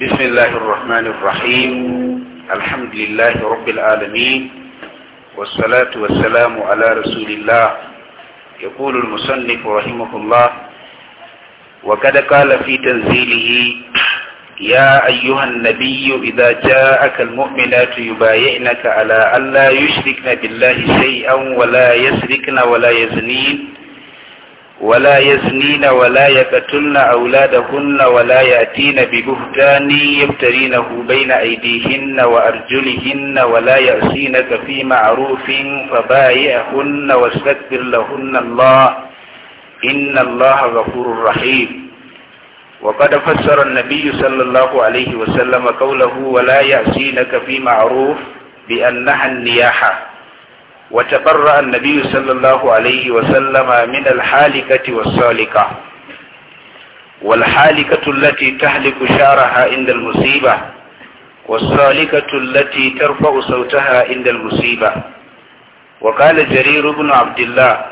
بسم الله الرحمن الرحيم الحمد لله رب العالمين والصلاة والسلام على رسول الله يقول المصنف رحمه الله وقد قال في تنزيله يا أيها النبي إذا جاءك المؤمنات يبايعنك على ألا يشركن بالله شيئا ولا يسركن ولا يزنين ولا يزنين ولا يقتلن أولادهن ولا يأتين ببهتان يبترينه بين أيديهن وأرجلهن ولا يأسينك في معروف فبايئهن واستكبر لهن الله إن الله غفور رحيم وقد فسر النبي صلى الله عليه وسلم قوله ولا يأسينك في معروف بأنها النياحة وتبرأ النبي صلى الله عليه وسلم من الحالكة والسالكة والحالكة التي تحلق شعرها عند المصيبة والسالكة التي ترفع صوتها عند المصيبة وقال جرير بن عبد الله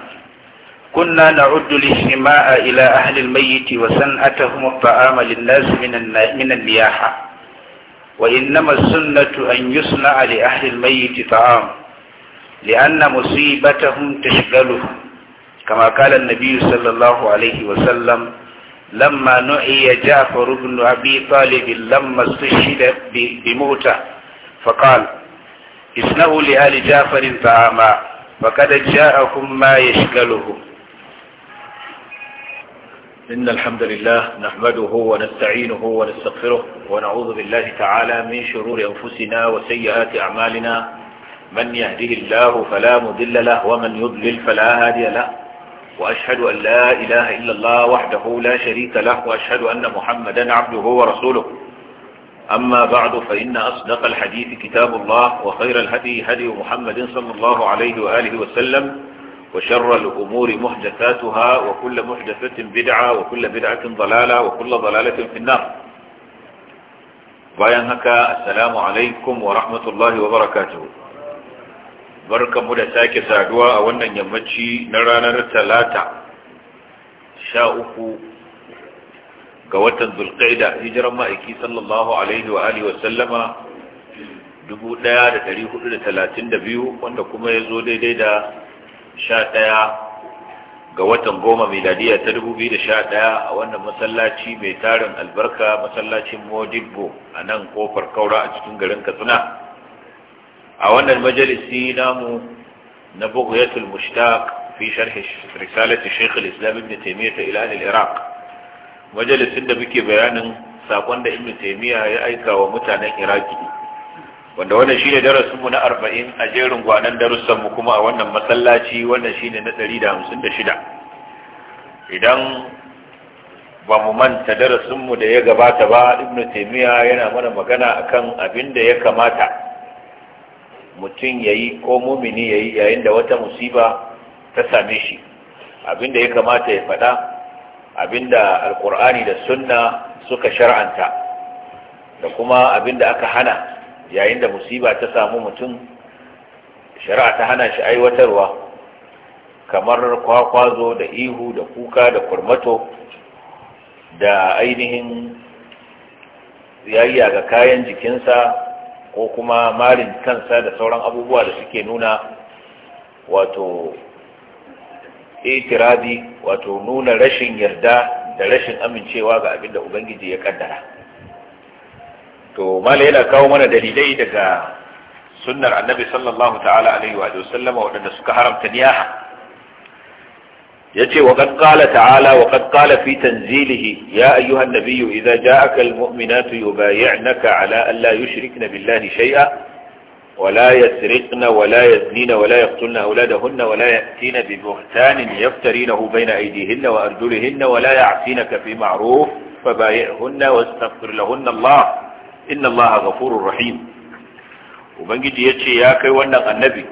كنا نعد الاجتماع إلى أهل الميت وسنأتهم الطعام للناس من من النياحة وإنما السنة أن يصنع لأهل الميت طعام لأن مصيبتهم تشغلهم كما قال النبي صلى الله عليه وسلم لما نعي جعفر بن أبي طالب لما استشهد بموتة فقال اسنعوا لآل جعفر طعاما فقد جاءكم ما يشغلهم إن الحمد لله نحمده ونستعينه ونستغفره ونعوذ بالله تعالى من شرور أنفسنا وسيئات أعمالنا من يهده الله فلا مضل له ومن يضلل فلا هادي له وأشهد أن لا إله إلا الله وحده لا شريك له وأشهد أن محمدا عبده ورسوله أما بعد فإن أصدق الحديث كتاب الله وخير الهدي هدي محمد صلى الله عليه وآله وسلم وشر الأمور محدثاتها وكل محدثة بدعة وكل بدعة ضلالة وكل ضلالة في النار باين هكا السلام عليكم ورحمة الله وبركاته barkamu da sake saduwa a wannan yammaci na ranar talata sha uku ga watan zulkaida hijiran ma'aiki sallallahu alaihi wa alihi wasallama 1432 wanda kuma ya zo daidai da sha ɗaya ga watan goma miladiya ta 2011 a wannan masallaci mai tarin albarka masallacin modibbo a nan kofar kaura a cikin garin katsina a wannan majalisi namu na bughyatul mushtaq fi sharh risalati shaykh al-islam ibn taymiyyah ila al-iraq majalisin da muke bayanin sakon da ibn taymiyyah ya aika wa mutanen iraki wanda wannan shine darasin mu na 40 a jerin gwanan darussan mu kuma a wannan masallaci wannan shine na 156 idan ba mu manta darasin mu da ya gabata ba ibn taymiyyah yana mana magana akan abin da ya kamata mutum ya yi ko mumini ya yi yayin da wata musiba ta same shi abinda ya kamata ya faɗa abinda alkur'ani da sunna suka shar'anta da kuma abinda aka hana yayin da musiba ta samu mutum shari'a ta hana shi aiwatarwa kamar kwakwazo da ihu da kuka da kurmato da ainihin yayya ga kayan jikinsa ko kuma marin kansa da sauran abubuwa da suke nuna wato itiradi wato nuna rashin yarda da rashin amincewa ga abin da ubangiji ya kaddara to mala yana kawo mana dalilai daga sunnar annabi sallallahu ta'ala alaihi wa sallama waɗanda suka haramta niyaha يتي وقد قال تعالى وقد قال في تنزيله يا أيها النبي إذا جاءك المؤمنات يبايعنك على أن لا يشركن بالله شيئا ولا يسرقن ولا يزنين ولا يقتلن أولادهن ولا يأتين ببهتان يفترينه بين أيديهن وأرجلهن ولا يعصينك في معروف فبايعهن واستغفر لهن الله إن الله غفور رحيم ومن قد يا يا كيوانا النبي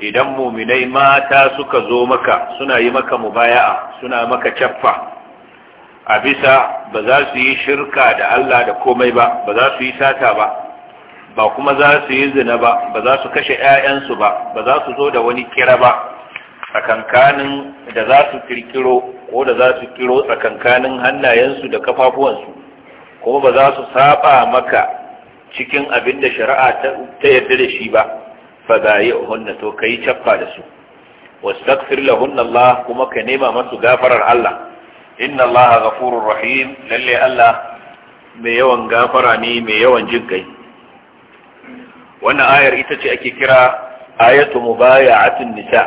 idan muminai mata suka zo maka suna yi maka mubaya'a suna maka caffa a bisa ba za su yi shirka da Allah da komai ba ba za su yi sata ba ba kuma za su yi zina ba ba za su kashe 'ya'yansu ba ba za su zo da wani kira ba tsakankanin da za su kirkiro ko da za su kiro tsakankanin hannayensu da kafafuwansu kuma ba za su saba maka cikin abin da shari'a ta yarda da shi ba fabayihun to kai chaffa da su wastaghfir lahun Allah kuma ka nema masu gafarar Allah inna Allah ghafurur rahim lalle Allah mai yawan gafara ne mai yawan jinkai wannan ayar ita ce ake kira ayatu mubayatin nisa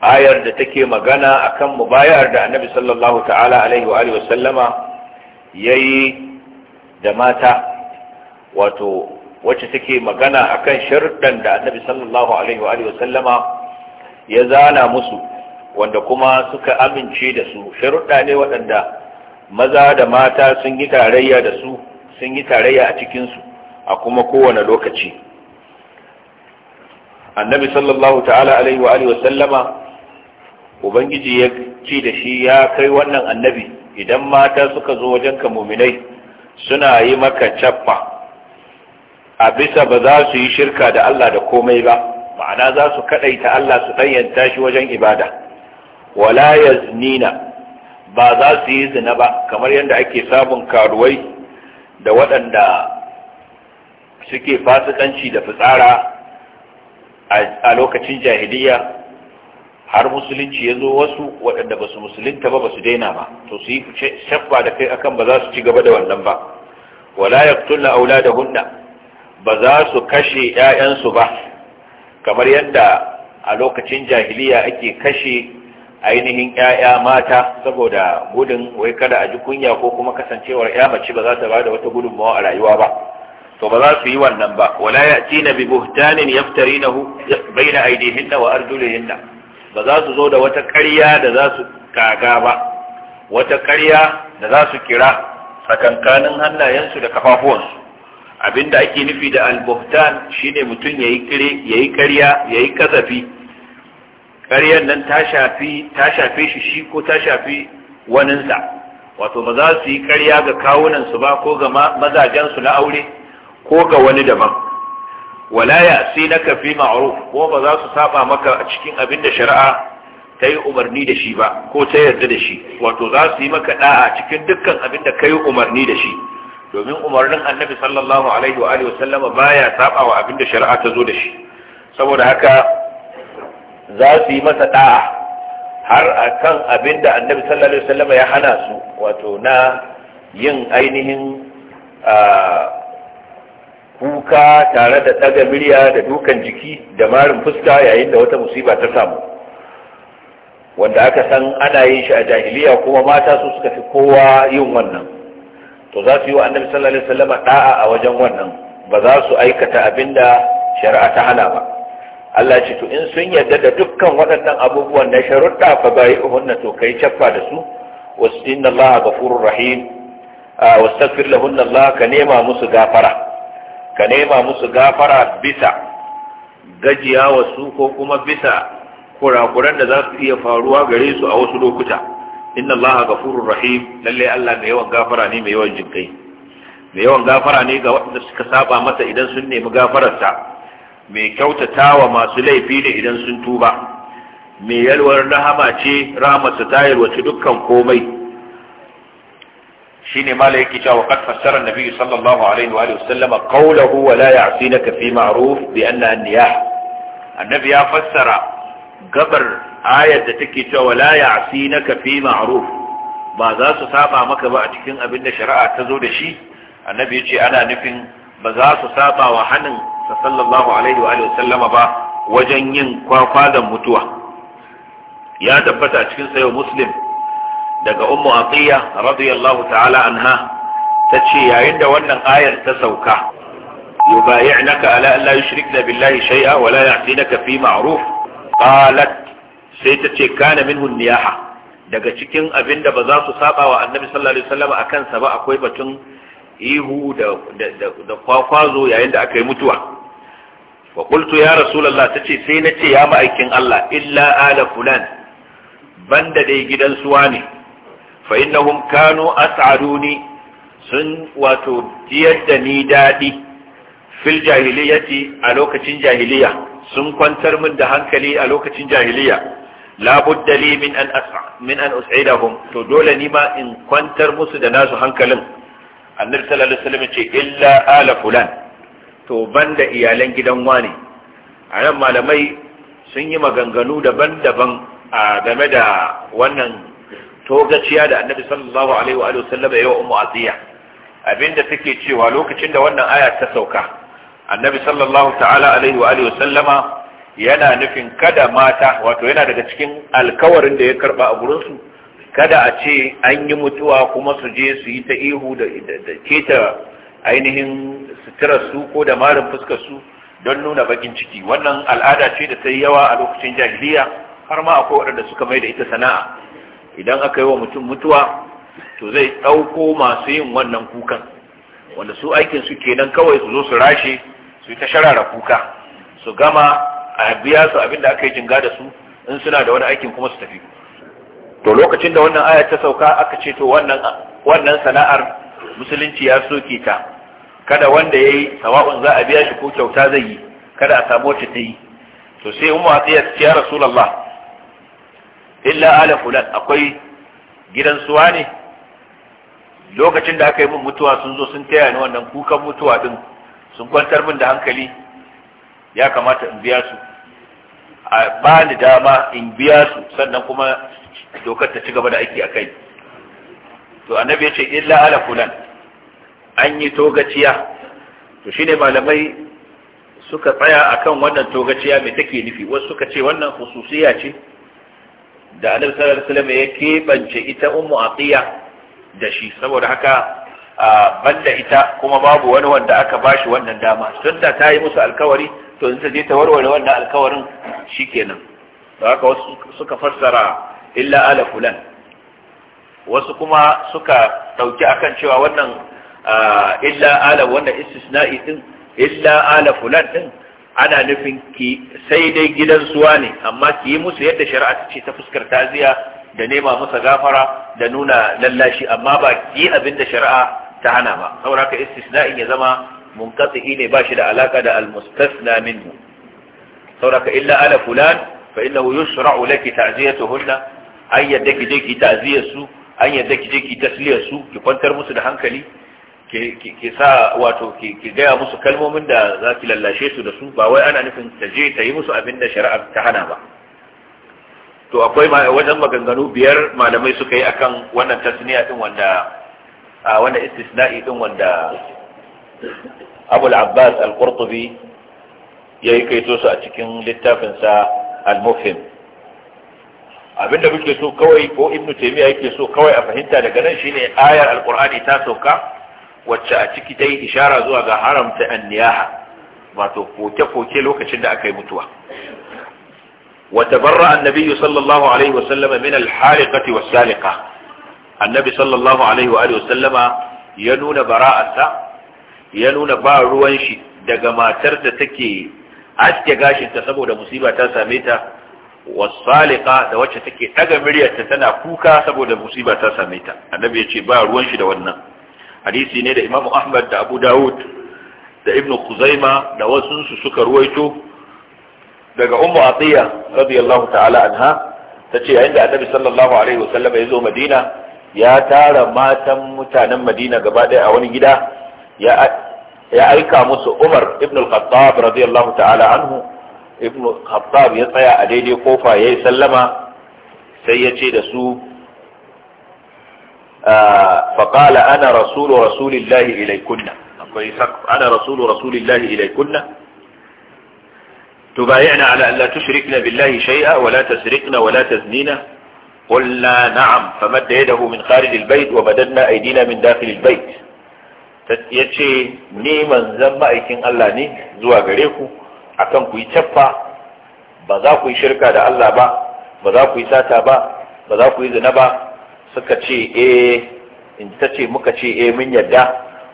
ayar da take magana akan mubayar da annabi sallallahu ta'ala alaihi yayi da mata wato wacce take magana akan sharuɗan da annabi sallallahu alaihi wa alihi wasallama ya zana musu wanda kuma suka amince da su sharuɗa ne waɗanda maza da mata sun yi tarayya da su sun yi tarayya a cikinsu a kuma kowane lokaci annabi sallallahu ta'ala alaihi wa alihi wasallama ubangiji ya ci da shi ya kai wannan annabi idan mata suka zo wajenka muminai suna yi maka chaffa a bisa ba za su yi shirka da Allah da komai ba ma'ana za su kadaita Allah su ɗanyanta shi wajen ibada wala yaznina ba za su yi zina ba kamar yadda ake samun karuwai da waɗanda suke fasikanci da fitsara a lokacin jahiliya har musulunci ya zo wasu waɗanda ba su musulunta ba ba su daina ba to su yi shaffa da kai akan ba za su ci gaba da wannan ba wala da auladahunna ba za su kashe 'ya'yansu ba kamar yadda a lokacin jahiliya ake kashe ainihin 'ya'ya mata saboda gudun wai kada a ji kunya ko kuma kasancewar 'ya mace ba za ta ba da wata gudunmawa a rayuwa ba to ba za su yi wannan ba wala ya ci na ya'tina bi bai na baina aydihinna wa arjulihinna ba za su zo da wata ƙarya da za su kaga ba wata ƙarya da za su kira tsakankanin hannayensu da kafafuwansu abinda ake nufi da al-buhtan shine mutum yayi kire yayi ƙarya yayi kazafi ƙaryar nan ta shafi ta shafe shi shi ko ta shafi waninsa wato ba za su yi ƙarya ga kawunan su ba ko ga mazajen su na aure ko ga wani daban wala ya sai na kafi ma'ruf ko ba za su saba maka a cikin abin da shari'a ta yi umarni da shi ba ko ta yarda da shi wato za su yi maka da'a cikin dukkan abin da ka yi umarni da shi domin umarnin annabi sallallahu alaihi wa alihi ba baya saba wa abinda shari'a ta zo da shi saboda haka za su yi masa da'a har akan abinda annabi sallallahu alaihi wasallama ya hana su wato na yin ainihin kuka tare da ɗaga miliya da dukan jiki da marin fuska yayin da wata musiba ta samu wanda aka san ana yin shi a jahiliya kuma mata su suka fi kowa yin wannan to za su yi wa annabi sallallahu alaihi da'a a wajen wannan ba za su aikata abinda shari'a ta hana ba Allah ce to in sun yarda da dukkan waɗannan abubuwan na sharuɗa fa bai to kai chaffa da su wasu inna Allah ghafurur rahim wastaghfir lahunna Allah ka nema musu gafara ka nema musu gafara bisa gajiya wasu ko kuma bisa kurakuran da za su iya faruwa gare su a wasu lokuta inna allaha ghafurur rahim lalle Allah mai yawan gafara ne mai yawan jinkai mai yawan gafara ne ga waɗanda suka saba masa idan sun nemi gafararsa mai kyautatawa masu laifi ne idan sun tuba mai yalwar rahama ce rahamarsa ta yalwaci dukkan komai shine mala yake cewa qad fassara an sallallahu alaihi wa alihi wasallam qawluhu wa la ya'sinaka fi ma'ruf bi anna an-niyah annabi ya fassara gabar ayar da take cewa la ya'sinaka fi ma'ruf ba za su saba maka ba a cikin abin da shari'a ta zo da shi annabi ya ce ana nufin ba za su saba wa hannun sallallahu alaihi wa sallama ba wajen yin da mutuwa ya tabbata a cikin sayo muslim daga ummu atiya radiyallahu ta'ala anha ta ce yayin da wannan ayar ta sauka yubayi'naka ala an la yushrikna billahi shay'a wa la ya'tinaka fi ma'ruf qalat sai ta ce kana minhu niyaha daga cikin abin da ba za su saba wa annabi sallallahu alaihi wasallam akan sa ba akwai batun ihu da da kwakwazo yayin da aka yi mutuwa wa qultu ya rasulullah tace sai na ce ya ma'aikin Allah illa ala fulan banda dai gidan suwa ne fa innahum kanu as'aduni sun wato diyar da ni dadi fil jahiliyati a lokacin jahiliya sun kwantar min da hankali a lokacin jahiliya la min an as'a min an us'idahum to dole ni ma in kwantar musu da nasu hankalin annabi sallallahu alaihi wasallam ce illa ala fulan to banda iyalan gidan wani a nan malamai sun yi maganganu daban-daban a game da wannan togaciya da annabi sallallahu alaihi wa sallam ya yi wa ummu abinda take cewa lokacin da wannan aya ta sauka annabi sallallahu alaihi wa sallama yana nufin kada mata wato yana daga cikin alkawarin da ya karba a gurinsu kada a ce an yi mutuwa kuma su je su yi ta ihu da keta ainihin su ko da marin su don nuna bakin ciki wannan al'ada ce da ta yi yawa a lokacin jahiliya har ma akwai waɗanda suka mai da ita sana'a idan aka yi wa mutum mutuwa to zai ɗauko masu yin wannan kukan wanda su aikin su kenan kawai su zo su rashe su yi ta sharara kuka su gama a biya su abin da aka yi jinga da su in suna da wani aikin kuma su tafi to lokacin da wannan aya ta sauka aka ce to wannan wannan sana'ar musulunci ya soke ta kada wanda yayi sawa'un za a biya shi ko kyauta zai yi kada a samu wacce ta yi to sai umma ta ya rasulullah illa ala fulan akwai gidan suwa ne lokacin da aka yi mun mutuwa sun zo sun taya ni wannan kukan mutuwa din sun kwantar min da hankali ya kamata in biya su a ba ni dama in biya su sannan kuma dokar ta ci gaba da aiki a kai to annabi ya ce illa ala fulan an yi togaciya to shine malamai suka tsaya akan wannan togaciya mai take nufi wasu suka ce wannan hususiya ce da annabi sallallahu alaihi wasallam ya keɓance ita ummu aqiya da shi saboda haka a banda ita kuma babu wani wanda aka ba shi wannan dama tun da ta yi musu alkawari to in je ta warware wannan alkawarin shikenan da haka wasu suka fassara illa ala fulan wasu kuma suka dauki akan cewa wannan illa ala wannan istisna'i din illa ala fulan din ana nufin ki sai dai gidan suwa ne amma ki yi musu yadda shari'a ta ce ta fuskar taziya da nema musa gafara da nuna lallashi amma ba ki yi abin da shari'a ta hana ba saboda ka istisna'in ya zama munqati ne ba shi da alaka da almustasna minhu saboda ka illa ala fulan fa innahu yusra'u laki ta'ziyatuhunna an yadda ki je ki ta'ziyar su an yadda ki je ki tasliya su ki kwantar musu da hankali ki sa wato ki gaya musu kalmomin da za ki lallashe su da su ba wai ana nufin ta je ta yi musu abin da shari'a ta hana ba to akwai wajen maganganu biyar malamai suka yi akan wannan tasniya din wanda a wanda istisna'i din wanda abul abbas al-qurtubi ya yi kaito su a cikin littafinsa al-mufhim abinda muke so kawai ko ibnu taymiya yake so kawai a fahimta daga nan shine ayar al-qur'ani ta sauka wacce a ciki ta yi ishara zuwa ga haramta wato koke-koke lokacin da aka yi mutuwa Annabi sallallahu alaihi الله عليه وسلم من الحالقة والسالقة annabi sallallahu alaihi wa alihi sallama ya nuna bara'arsa ya nuna ba ruwan shi daga matar da take aske gashinta saboda musiba ta same ta wasalika da wacce take daga miryarta tana kuka saboda musiba ta same ta annabi ya ce ba ruwan shi da wannan hadisi ne da imamu ahmad da abu daud da ibn kuzaima da su suka ruwaito daga ummu atiya radiyallahu ta'ala anha tace yayin da annabi sallallahu alaihi sallama ya zo madina ya tara matan mutanen madina gaba ɗaya a wani gida ya aika musu umar ibn al-khattab radiyallahu ta'ala anhu ibn al-khattab ya tsaya a daidai kofa ya yi sallama sai ya ce da su faƙala ana rasulu rasulillahi ilaikunna akwai ana rasulu rasulillahi ilaikunna تبايعنا على أن لا تشركنا بالله شيئا ولا تسرقنا ولا تزنينا قلنا نعم فمد يده من خارج البيت ومددنا أيدينا من داخل البيت yace ni manzan ma'aikin Allah ne zuwa gare ku akan ku yi caffa ba za ku yi shirka da Allah ba ba za ku yi sata ba ba za ku yi zina ba suka ce eh in ta ce muka ce eh mun yadda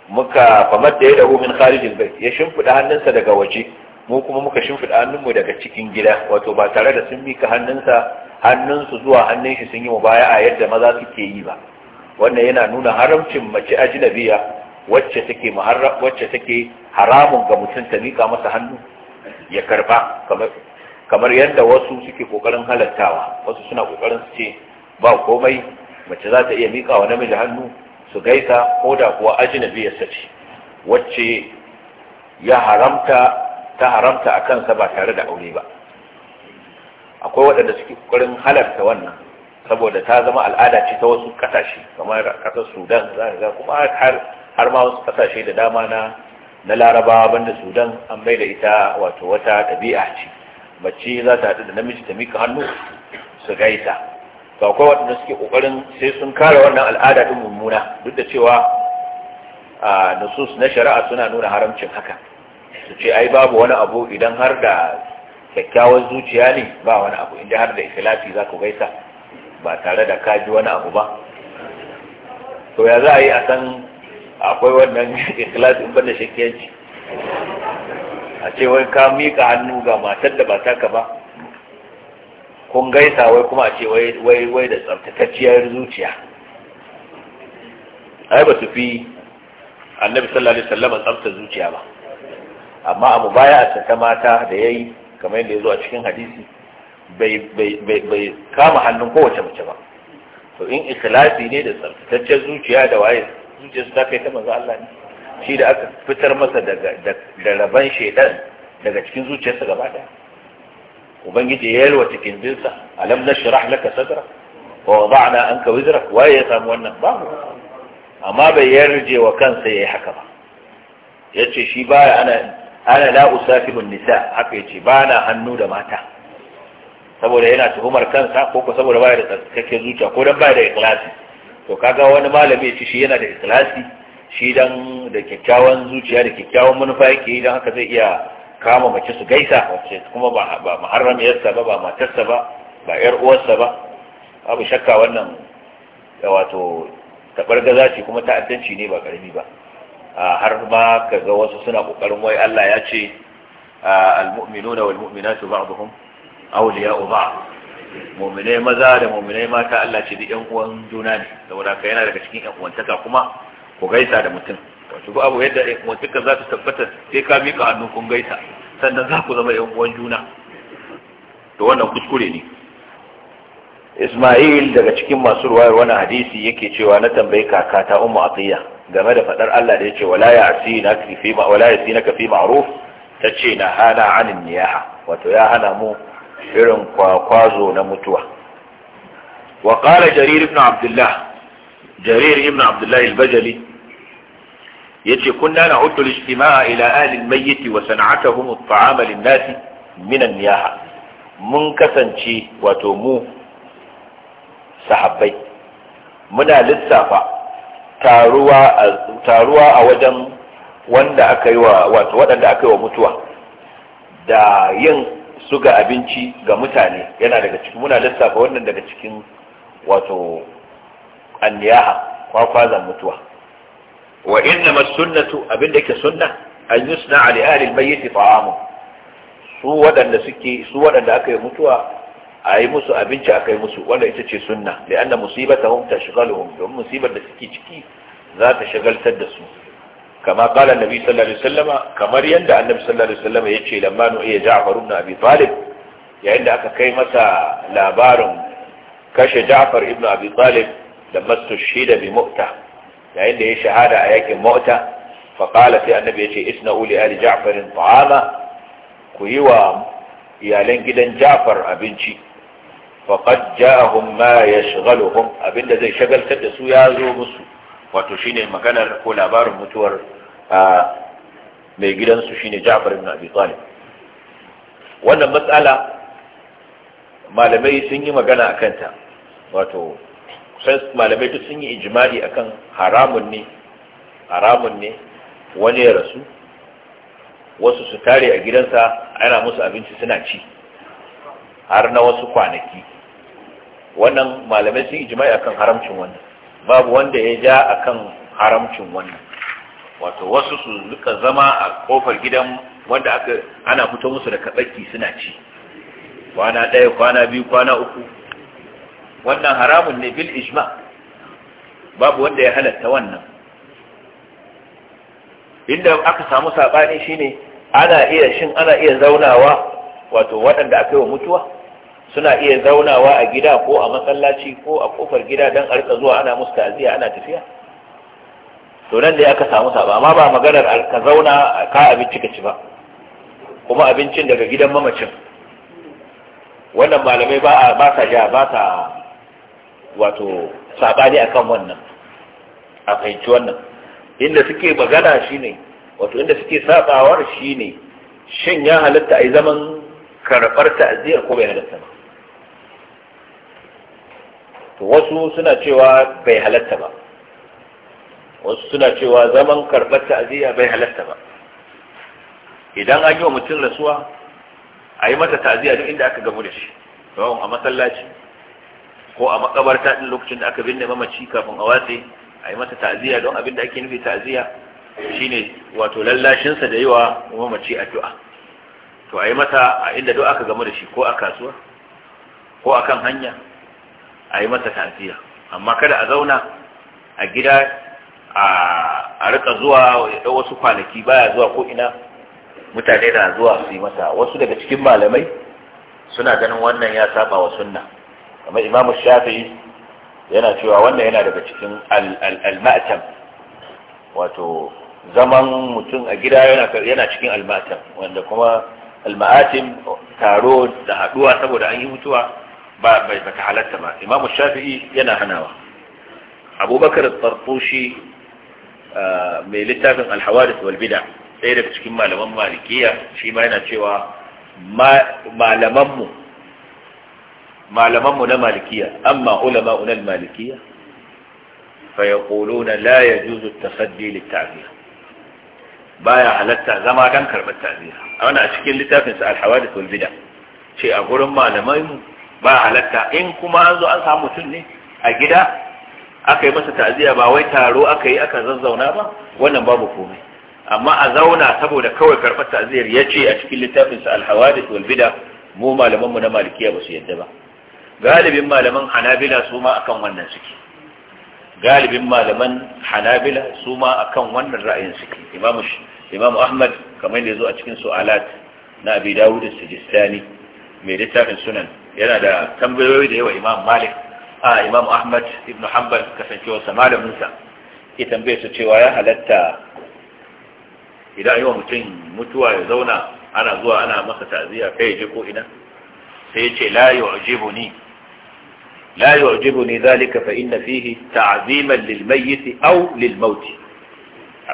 muka famar da ya dahu min kharijil bait ya shimfida hannunsa daga waje mu kuma muka shimfida hannunmu daga cikin gida wato ba tare da sun mika hannunsa hannunsu zuwa hannun shi sun yi a yadda maza suke yi ba wannan yana nuna haramcin mace ajnabiya wacce take muharram wacce take haramun ga mutum ta mika masa hannu ya karba kamar kamar yadda wasu suke kokarin halattawa wasu suna kokarin su ce ba komai mace za ta iya mika wa namiji hannu su gaisa ko da kuwa ta ce wacce ya haramta ta haramta a kansa ba tare da aure ba akwai waɗanda suke ƙoƙarin halarta wannan saboda ta zama al'ada ce ta wasu ƙasashe kamar ƙasar sudan za ga kuma har har ma wasu ƙasashe da dama na na larabawa banda sudan an bai da ita wato wata ɗabi'a ce mace za ta haɗu da namiji ta mika hannu su gaisa to akwai waɗanda suke ƙoƙarin sai sun kare wannan al'ada ɗin mummuna duk da cewa a nusus na shari'a suna nuna haramcin haka su ce ai babu wani abu idan har da kyakkyawar zuciya ne ba wani abu inda har da ikilafi za ku gaisa ba tare da kaji wani abu ba to ya za a yi a san akwai wannan ikilafi in da shakkiyanci a ce wai ka miƙa hannu ga matar da ba ka ba kun gaisa wai kuma a ce wai wai da tsaftatacciyar zuciya ai ba su fi annabi sallallahu alaihi wasallam tsabtar zuciya ba amma abu baya a ta mata da yayi kamar yadda ya zo a cikin hadisi bai kama hannun kowace mace ba to in ikhlasi ne da tsarkataccen zuciya da waye zuciya su ta kai ta manzo Allah ne shi da aka fitar masa daga da raban shedan daga cikin zuciyarsa gaba daya ubangiji ya yalwa cikin dinsa alam nashrah laka sadra wa wada'na anka wizrak waye ya samu wannan ba. amma bai yarje wa kansa yayi haka ba yace shi baya ana ana la usafihun nisa haka yace ba na hannu da mata saboda yana tuhumar kansa ko ko saboda baya da tsakakken zuciya ko dan ba da ikhlasi to kaga wani malami ya ci shi yana da ikhlasi shi dan da kyakkyawan zuciya da kyakkyawan manufa yake dan haka zai iya kama mace su gaisa wace kuma ba ba muharramiyarsa ba ba matarsa ba ba yar uwarsa ba babu shakka wannan wato gaza ce kuma ta'addanci ne ba karami ba har ma kaga wasu suna kokarin wai Allah ya ce almu'minuna wal mu'minatu ba'dhum awliya'u ba'd mu'minai maza da mu'minai mata Allah ce duk ƴan uwan juna ne saboda ka yana daga cikin ƴan uwantaka kuma ku gaisa da mutum wato ba abu yadda ƴan uwantaka za ta tabbata sai ka miƙa hannu kun gaisa sannan za ku zama ƴan uwan juna to wannan kuskure ne Ismail daga cikin masu ruwayar wani hadisi yake cewa na tambayi kaka ta Ummu Atiya game da fadar Allah da yace wala ya'sina fi ma wala yasinaka fi ma'ruf tace na hana anin niyaha wato ya hana mu irin kwakwazo na mutuwa wa qala jarir ibn abdullah jarir ibn abdullah al-bajali yace kunna na al-ijtima'a ila ahli al-mayyit wa sana'atuhum at-ta'ama lin-nas min an-niyaha mun kasance wato mu sahabbai muna lissafa taruwa a wajen wanda aka yi wato waɗanda aka yi wa mutuwa da yin su abinci ga mutane yana daga cikin muna lissafa wannan daga cikin wato anniyaha kwakwazan mutuwa wa inna masunnatu abinda yake sunna an yusna ali ahli almayyit ta'amu su waɗanda suke su waɗanda aka yi mutuwa a yi musu abinci a kai musu wanda ita ce sunna da yana musibata hun ta shigaluhun musibar da suke ciki za ta shagaltar da su kama kala nabi sallallahu alaihi kamar yadda annabi sallallahu alaihi wasallama ya ce lamma iya ja'far ibn abi talib yayin da aka kai masa labarin kashe ja'far ibn abi talib da masu shida bi mu'ta yayin da ya shahada a yakin mota fa sai annabi ya ce isna'u uli ali ja'far ta'ama ku yi wa iyalan gidan ja'far abinci faqad ja'ahum ma yashghaluhum abinda zai shagaltar da su ya zo musu wato shine maganar ko labarin mutuwar mai gidansu shine Ja'far ibn Abi Talib wannan matsala malamai sun yi magana a kanta wato kusan malamai duk sun yi ijimali akan haramun ne haramun ne wani ya rasu wasu su tare a gidansa ana musu abinci suna ci har na wasu kwanaki wannan malamai sun ijma'i akan haramcin wannan babu wanda ya ja akan haramcin wannan wato wasu su duka zama a kofar gidan wanda aka ana fito musu da kaɓaki suna ci kwana ɗaya kwana biyu kwana uku wannan haramun ne bil ijma babu wanda ya halatta wannan inda aka samu saɓani shine ana iya shin ana iya zaunawa wato waɗanda aka yi wa mutuwa suna iya zaunawa a gida ko a masallaci ko a kofar gida don a rika zuwa ana musu ta'aziyya ana tafiya to nan dai aka samu saba amma ba maganar ka zauna ka abinci ka ci ba kuma abincin daga gidan mamacin wannan malamai ba ba sa ja ba sa wato sabani akan wannan a fahimci wannan inda suke magana shine wato inda suke sabawar shine shin ya halatta a zaman karɓar ta'aziyar ko bai halatta ba to wasu suna cewa bai halatta ba wasu suna cewa zaman karɓar ta'aziyya bai halatta ba idan an yi wa mutum rasuwa a yi mata ta'aziyya duk inda aka gamu da shi yawan a masallaci ko a makabarta din lokacin da aka binne mamaci kafin a watse a yi mata ta'aziyya don abin da ake nufi ta'aziyya shine wato lallashinsa da yawa mamaci addu'a to a yi mata a inda duk aka gamu da shi ko a kasuwa ko a kan hanya a yi masa tafiya amma kada a zauna a gida a rika zuwa ya wasu kwanaki baya zuwa ko ina mutane na zuwa su yi masa wasu daga cikin malamai suna ganin wannan ya saba wa sunna kamar imam shafi'i yana cewa wannan yana daga cikin al wato zaman mutum a gida yana cikin al wanda kuma al taro da haduwa saboda an yi mutuwa ba bai bata halatta ba imamu shafi'i yana hanawa abubakar tarfushi uh, mai littafin alhawaris walbida bid'a ɗaya daga cikin malaman malikiya shi ma yana cewa malamanmu malamanmu na malikiya amma ulama unan malikiya fa yaquluna la yajuzu at-tasaddi lit-ta'bir baya halatta zama dan karɓar ta'ziya a wannan a cikin littafin sa al-hawadith ce a gurin malamai mu ba halatta in kuma an zo an samu mutum ne a gida aka yi masa ta'aziyya ba wai taro aka yi aka zazzauna ba wannan babu komai amma a zauna saboda kawai karɓar ta'aziyyar ya ce a cikin littafinsa alhawadis wal bida mu malamanmu na malikiya ba su yadda ba galibin malaman hanabila su ma akan wannan suke galibin malaman hanabila su ma akan wannan ra'ayin suke imamu imamu ahmad kamar yadda ya zo a cikin su'alat na abi dawud sijistani mai littafin sunan yana da tambayoyi da yawa imam malik a imam ahmad ibn hanbal kasancewa kasancewarsa malaminsa ke tambaye su cewa ya halatta idan yi wa mutum mutuwa ya zauna ana zuwa ana masa ta'aziyya kai ya je ko ina sai ya ce la yi yu'jibuni la ni zalika fa inna fihi ta'aziman lil mayyit aw lil maut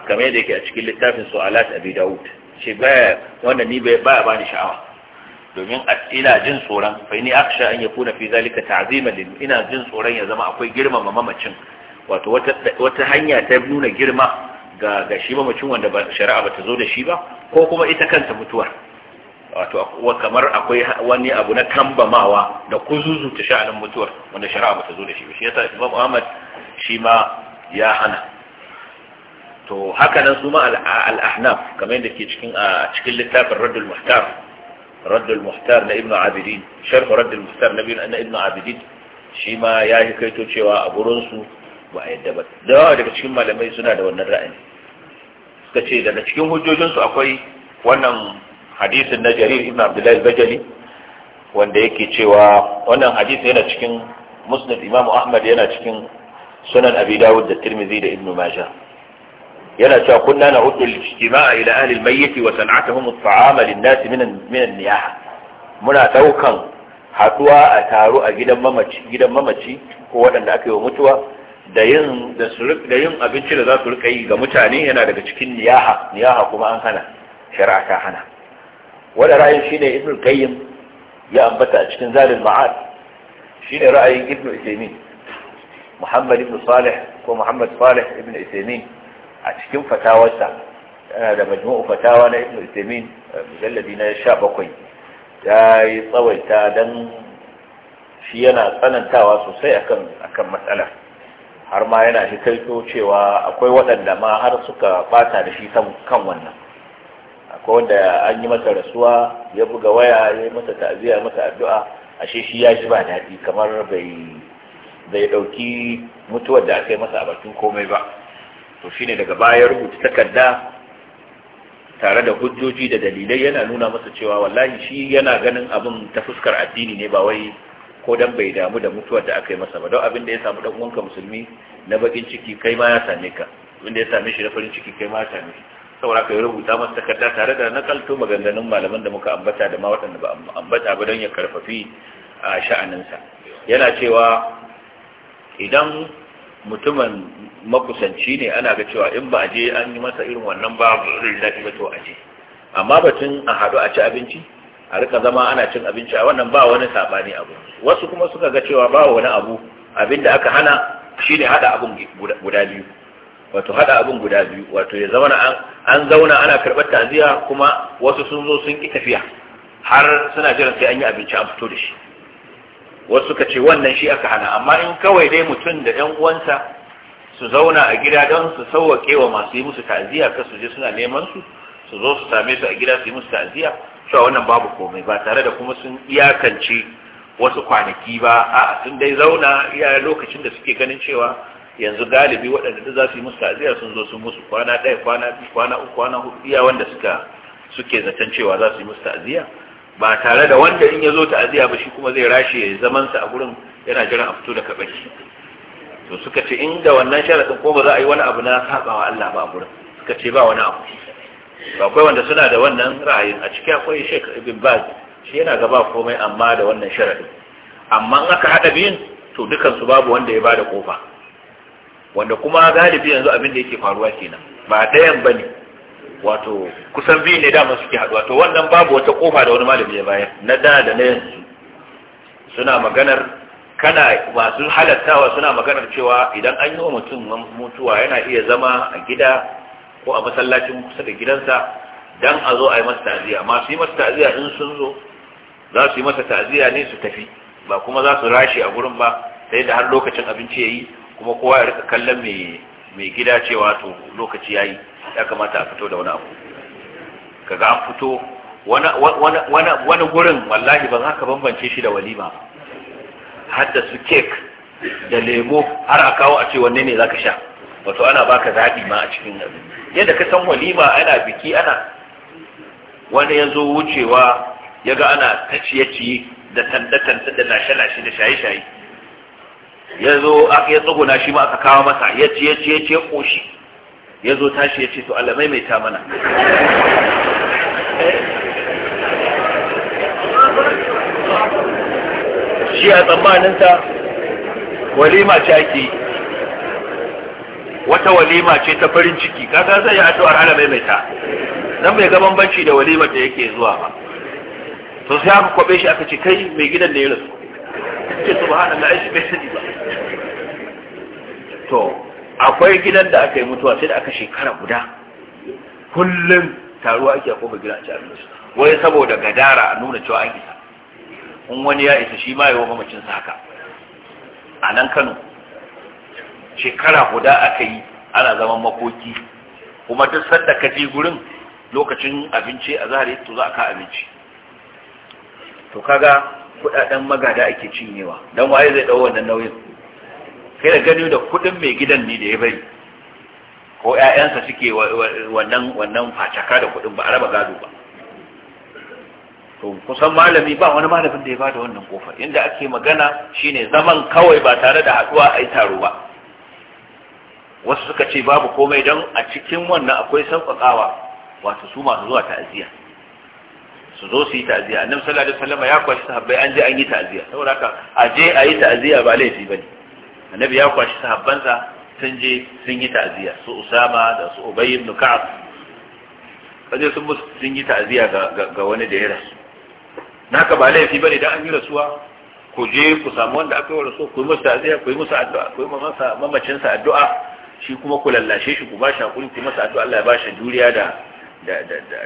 kamar yadda yake a cikin littafin su'alat abi daud shi baya wannan ni baya bani sha'awa domin ina jin tsoron Fai ni aksha an yakuna fi zalika ta'ziman lil ina jin tsoron ya zama akwai girmama mamacin wato wata wata hanya ta nuna girma ga ga shi mamacin wanda shari'a bata zo da shi ba ko kuma ita kanta mutuwar wato kamar akwai wani abu na kambamawa da kuzuzu ta sha'anin mutuwar wanda shari'a bata zo da shi ba shi yasa Imam Ahmad shi ma ya hana to haka nan su ma al-ahnaf kamar yadda ke cikin a cikin littafin Raddul Muhtar raddul muhtar na ibnu abidin sharh raddul muhtar na ibnu abidin shi ma ya yi kaito cewa a gurinsu ba a yadda ba da daga cikin malamai suna da wannan ra'ayi suka ce daga cikin hujjojinsu akwai wannan hadisin na jarir ibn abdullahi bajali wanda yake cewa wannan hadisi yana cikin musnad imam ahmad yana cikin sunan abi dawud da tirmidhi da ibn majah yana cewa kunna na hudu ijtima'a ila ahli al-mayyit wa san'atuhum at-ta'ama lin-nas min min an-niyaha muna daukan haduwa a taro a gidan mamaci gidan mamaci ko waɗanda aka yi wa mutuwa da yin da su da yin abinci da za su rika yi ga mutane yana daga cikin niyaha niyaha kuma an hana shari'a ta hana wanda ra'ayin shine ibn qayyim ya ambata a cikin zalil ma'ad shine ra'ayin ibn usaymin muhammad ibn salih ko muhammad salih ibn usaymin a cikin fatawarsa yana da majmu'u fatawa na ibn Uthaymeen mujalladi na 17 ya yi tsawaita dan shi yana tsanantawa sosai akan akan matsalar har ma yana shi cewa akwai waɗanda ma har suka fata da shi kan wannan akwai wanda an yi masa rasuwa ya buga waya ya yi masa ta'aziyya masa addu'a ashe shi ya ji ba daɗi kamar bai bai ɗauki mutuwar da aka yi masa a bakin komai ba to shine daga baya rubuta takarda tare da hujjoji da dalilai yana nuna masa cewa wallahi shi yana ganin abin ta fuskar addini ne ba wai ko dan bai damu da mutuwar da aka yi masa ba don abin da ya samu dan uwanka musulmi na bakin ciki kai ma ya same ka abin da ya same shi na farin ciki kai ma ya same shi saboda ka yi rubuta masa takarda tare da nakalto maganganun malaman da muka ambata da ma waɗanda ba ambata ba don ya karfafi a sha'aninsa yana cewa idan mutumin makusanci ne ana ga cewa in ba a je an yi masa irin wannan ba irin lafi ba to a je amma batun a haɗu a ci abinci a rika zama ana cin abinci a wannan ba wani saɓani abu wasu kuma suka ga cewa ba wani abu abin da aka hana shine haɗa abin guda biyu wato haɗa abin guda biyu wato ya zama an zauna ana karɓar taziya kuma wasu sun zo sun ƙi tafiya har suna jiran sai an yi abinci an fito da shi wasu suka ce wannan shi aka hana amma in kawai dai mutum da ɗan uwansa su zauna a gida don su sauwaƙe wa masu yi musu ta'aziyya ka su je suna neman su su zo su same su a gida su yi musu ta'aziyya cewa wannan babu komai ba tare da kuma sun iyakance wasu kwanaki ba a sun dai zauna iya lokacin da suke ganin cewa yanzu galibi waɗanda da za su yi musu ta'aziyya sun zo sun musu kwana ɗaya kwana biyu kwana uku kwana huɗu iya wanda suka suke zaton cewa za su yi musu ta'aziyya ba tare da wanda in ya zo ta'aziyya ba shi kuma zai rashe zamansa a gurin yana jiran a fito da kabaki, to suka ce inda wannan sharaɗin ko ba za a yi wani abu na sabawa Allah ba a gurin suka ce ba wani abu ba akwai wanda suna da wannan ra'ayin a ciki akwai Sheikh Ibn Baz shi yana gaba komai amma da wannan sharaɗin amma in aka haɗa biyun to dukan su babu wanda ya bada kofa wanda kuma galibi yanzu abin da yake faruwa kenan ba ɗayan bane wato kusan biyu ne dama suke haɗu wato wannan babu wata kofa da wani malami ya bayar na da da na yanzu suna maganar kana masu halattawa suna maganar cewa idan an yi wa mutum mutuwa yana iya zama a gida ko a masallacin kusa da gidansa dan a zo a yi masa ta'aziyya masu yi masa ta'aziyya in sun zo za su yi masa ta'aziyya ne su tafi ba kuma za su rashi a gurin ba sai da har lokacin abinci ya yi kuma kowa ya rika kallon mai mai gida cewa to lokaci yayi ya kamata a fito da wani abu kaga an fito wani gurin wallahi ban haka bambance shi da walima da su kek da lemo har a kawo a ce wanne ne zaka sha wato ana baka zaɓi ma a cikin yadda ka san walima ana biki ana wani ya zo wucewa ya ga ana ta ciye-ciye da tanda-tanda da lashe-lashe da shaye-shaye ya zo ya tsuguna shi ma aka kawo masa ya ce ya ce ya ce ƙoshi ya zo tashi ya ce to Allah maimaita mana shi a tsammanin ta walima ce ake yi wata walima ce ta farin ciki kaga zai yi addu'ar mai maimaita dan bai ga bambanci da walimar da yake zuwa ba to sai aka kwabe shi aka ce kai mai gidan da ya rasu ce ga bai sani ba to akwai gidan da aka yi mutuwa sai da aka shekara guda kullum taruwa ake koma gida a cikin abinci wai saboda gadara a nuna cewa an isa in wani ya isa shi ma yi wa mamacinsa haka a nan kano shekara guda aka yi ana zaman makoki kuma duk sanda ka je gurin lokacin abinci a zahari to za ka abinci to kaga Kuɗaɗen magada ake cinyewa dan waye zai dau wannan nauyin sai da gani da kuɗin mai gidan ne da ya bari ko ƴaƴansa suke wannan wannan fataka da kudin ba a raba gado ba to kusan malami ba wani malamin da ya bada wannan kofar inda ake magana shine zaman kawai ba tare da haduwa ai taro ba wasu suka ce babu komai don a cikin wannan akwai sauƙaƙawa wato su masu zuwa ta'aziyya su zo su yi ta'aziyya annabi sallallahu alaihi wasallam ya kwashi sahabbai an je an yi ta'aziyya saboda haka a je a yi ta'aziyya ba laifi bane annabi ya kwashi sahabbansa sun je sun yi ta'aziyya su usama da su ubay ibn ka'ab kaje sun musu sun yi ta'aziyya ga ga wani da ya rasu naka ba laifi bane dan an yi rasuwa ku je ku samu wanda aka yi rasuwa ku yi musu ta'aziyya ku yi musu addu'a ku yi masa mamacin sa addu'a shi kuma ku lallashe shi ku ba shi hakuri ku yi masa addu'a Allah ya ba shi juriya da da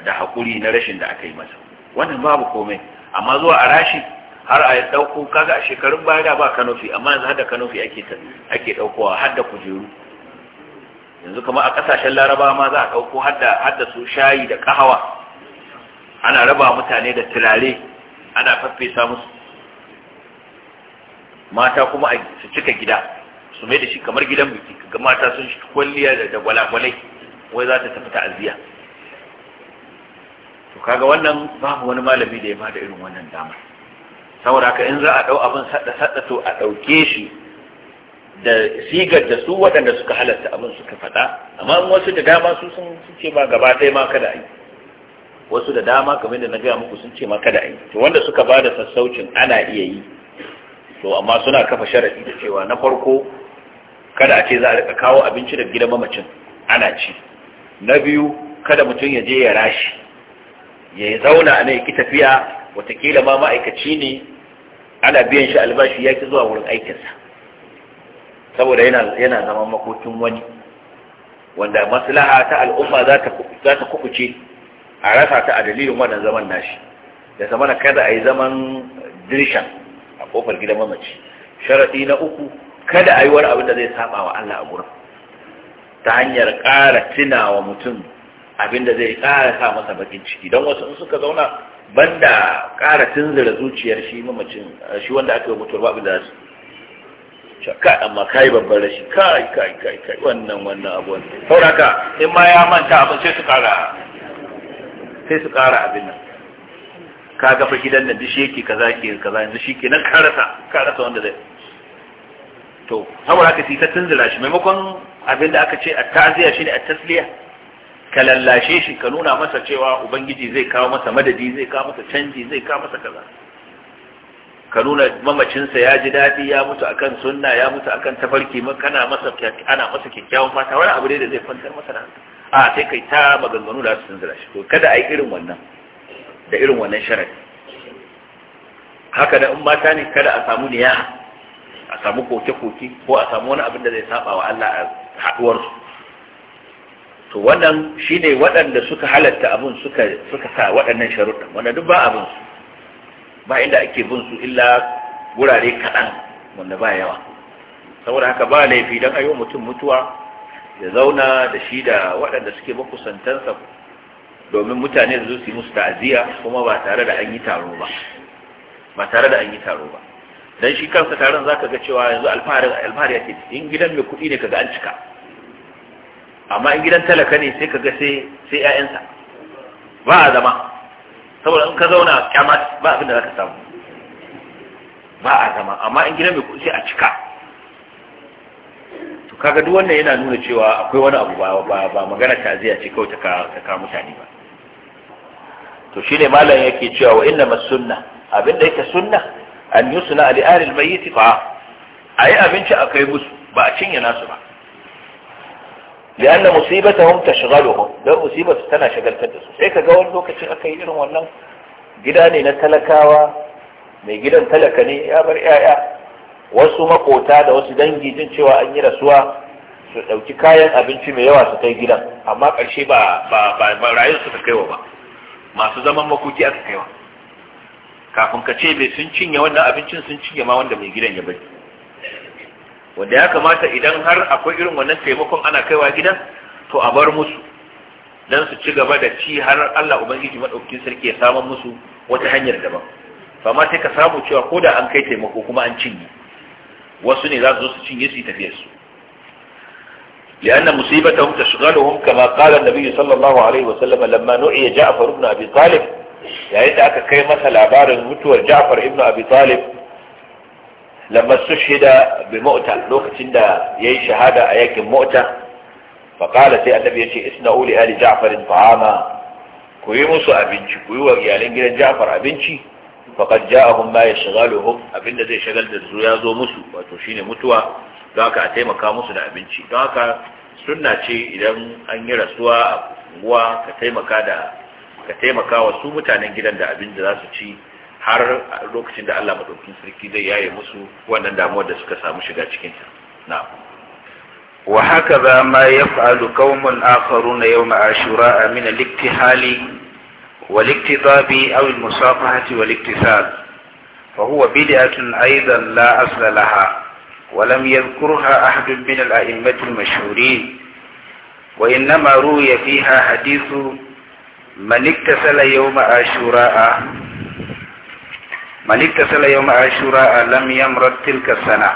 da hakuri na rashin da aka yi masa wannan babu komai amma zuwa a rashi har a ɗauko kaga a shekarun baya da ba kanofi amma yanzu har da kanofi ake ake ɗaukowa har da kujeru yanzu kama a kasashen laraba ma za a ɗauko har da su shayi da kahawa ana raba mutane da turare ana faffesa musu mata kuma su cika gida su mai da shi kamar gidan biki ga mata sun shi kwalliya da gwalagwalai wai za ta tafi ta'aziyya to kaga wannan babu wani malami da ya bada irin wannan dama saboda haka in za a dau abin sadda sadda to a dauke shi da sigar da su waɗanda suka halatta abin suka faɗa amma wasu da dama su sun ce ba gaba ɗaya ma kada a yi wasu da dama kamar da na gaya muku sun ce ma kada a yi to wanda suka ba da sassaucin ana iya yi to amma suna kafa sharaɗi da cewa na farko kada a ce za a rika kawo abinci da gidan mamacin ana ci na biyu kada mutum ya je ya rashi ya zauna a ki tafiya watakila ma ma'aikaci ne ana biyan shi albashi ya ki zuwa wurin aikinsa saboda yana zama makokin wani wanda maslaha ta al'umma za ta kukuce a rasa ta a dalilin wannan zaman nashi da na kada a yi zaman dirshan a kofar gidan mamaci sharaɗi na uku kada a yi wani abin da zai saba wa Allah a gurin ta hanyar ƙara tuna wa mutum abinda zai ƙara sa masa bakin ciki don wasu in suka zauna banda ƙara tunzura zuciyar shi mamacin eh, shi wanda aka yi mutuwar ba abin da su kai amma kai babban rashi kai kai kai kai wannan wannan abuwa sauraka in ma ya manta abin sai su ƙara sai su ƙara abin nan ka gafa gidan nan dishi yake kaza ke kaza yanzu shi ke nan karasa karasa wanda zai to saboda haka sai ta tunzura shi maimakon abin da aka ce a shi ne a tasliya ka lallashe shi ka nuna masa cewa ubangiji zai kawo masa madadi zai kawo masa canji zai kawo masa kaza ka nuna mamacinsa ya ji daɗi ya mutu akan sunna ya mutu akan tafarki kana masa ana masa kyakkyawan fata wani abu ne da zai kwantar masa da a sai kai ta maganganu da su tunzura shi to kada a yi irin wannan da irin wannan sharadi haka da in mata ne kada a samu niya a samu koke-koke ko a samu wani abin da zai saba wa Allah a haɗuwarsu to wannan shine waɗanda suka halatta abun suka suka sa waɗannan sharuɗin wanda duk ba abun su ba inda ake bin su illa gurare kaɗan wanda ba yawa saboda haka ba laifi don ayo mutum mutuwa ya zauna da shi da waɗanda suke makusantansa domin mutane da su musu ta'aziyya kuma ba tare da an yi taro ba ba tare da an yi taro ba dan shi kansa taron zaka ga cewa yanzu alfahari alfahari yake in gidan mai kuɗi ne kaga an cika amma in gidan talaka ne sai ka ga sai sai ƴaƴansa ba a zama saboda in ka zauna kyama ba abin da zaka samu ba a zama amma in gidan mai kuɗi sai a cika to kaga duk wannan yana nuna cewa akwai wani abu ba ba, ba magana a ce kawai ta ka mutane ba to shine malam yake cewa wa inna abin da yake sunna an yusna li ahli al-mayyit fa ayi abinci akai musu ba a cinye nasu ba لأن مصيبتهم تشغلهم ده su tana شغلت da su sai kaga wani lokaci aka yi irin wannan gida ne na talakawa mai gidan talaka ne ya bar yaya wasu makota da wasu dangi jin cewa an yi rasuwa su dauki kayan abinci mai yawa su kai gidan amma ƙarshe ba ba ba, ba rayuwar ba masu zaman makoki aka kaiwa kafin ka ce bai sun cinye wannan abincin sun cinye ma wanda mai gidan ya bari wanda ya kamata idan har akwai irin wannan taimakon ana kaiwa gida to a bar musu don su ci gaba da ci har Allah ubangiji maɗaukakin sarki ya samu musu wata hanyar daban amma sai ka samu cewa ko da an kai taimako kuma an cinye wasu ne za su zo su cinye su tafiyar su لأن مصيبتهم تشغلهم كما قال النبي صلى الله عليه وسلم لما نعي جعفر بن أبي طالب يعني أكا كي مثل عبارة جعفر ابن أبي طالب lamma shida bi mu'ta lokacin da yayi shahada a yakin mu'ta fa qala sai annabi yace na uli ali ja'far ta'ama ku yi musu abinci ku yi wa iyalan gidan ja'far abinci faqad ja'ahum ma yashghaluhum abinda zai shagal da su ya zo musu wato shine mutuwa don haka a taimaka musu da abinci don haka sunna ce idan an yi rasuwa a unguwa ka taimaka da ka taimaka wa su mutanen gidan da abin da za su ci har lokacin da Allah maɗauki sarki zai yaye musu wannan damuwar da suka samu shiga cikinta. Na. Wa haka za ma ya fa’alu kawunan akwaro na yau na ashura a mina likti hali wa likti zabi awin musafa hati wa likti sal. Fahuwa bidiyatun aizan la asalaha, walam yankuru ha a hadin min al’a’immatin mashuri, wa inna maru ya fi ha hadisu, manik ta sala yau ma'ashura'a من اكتسل يوم عاشوراء لم يمرض تلك السنة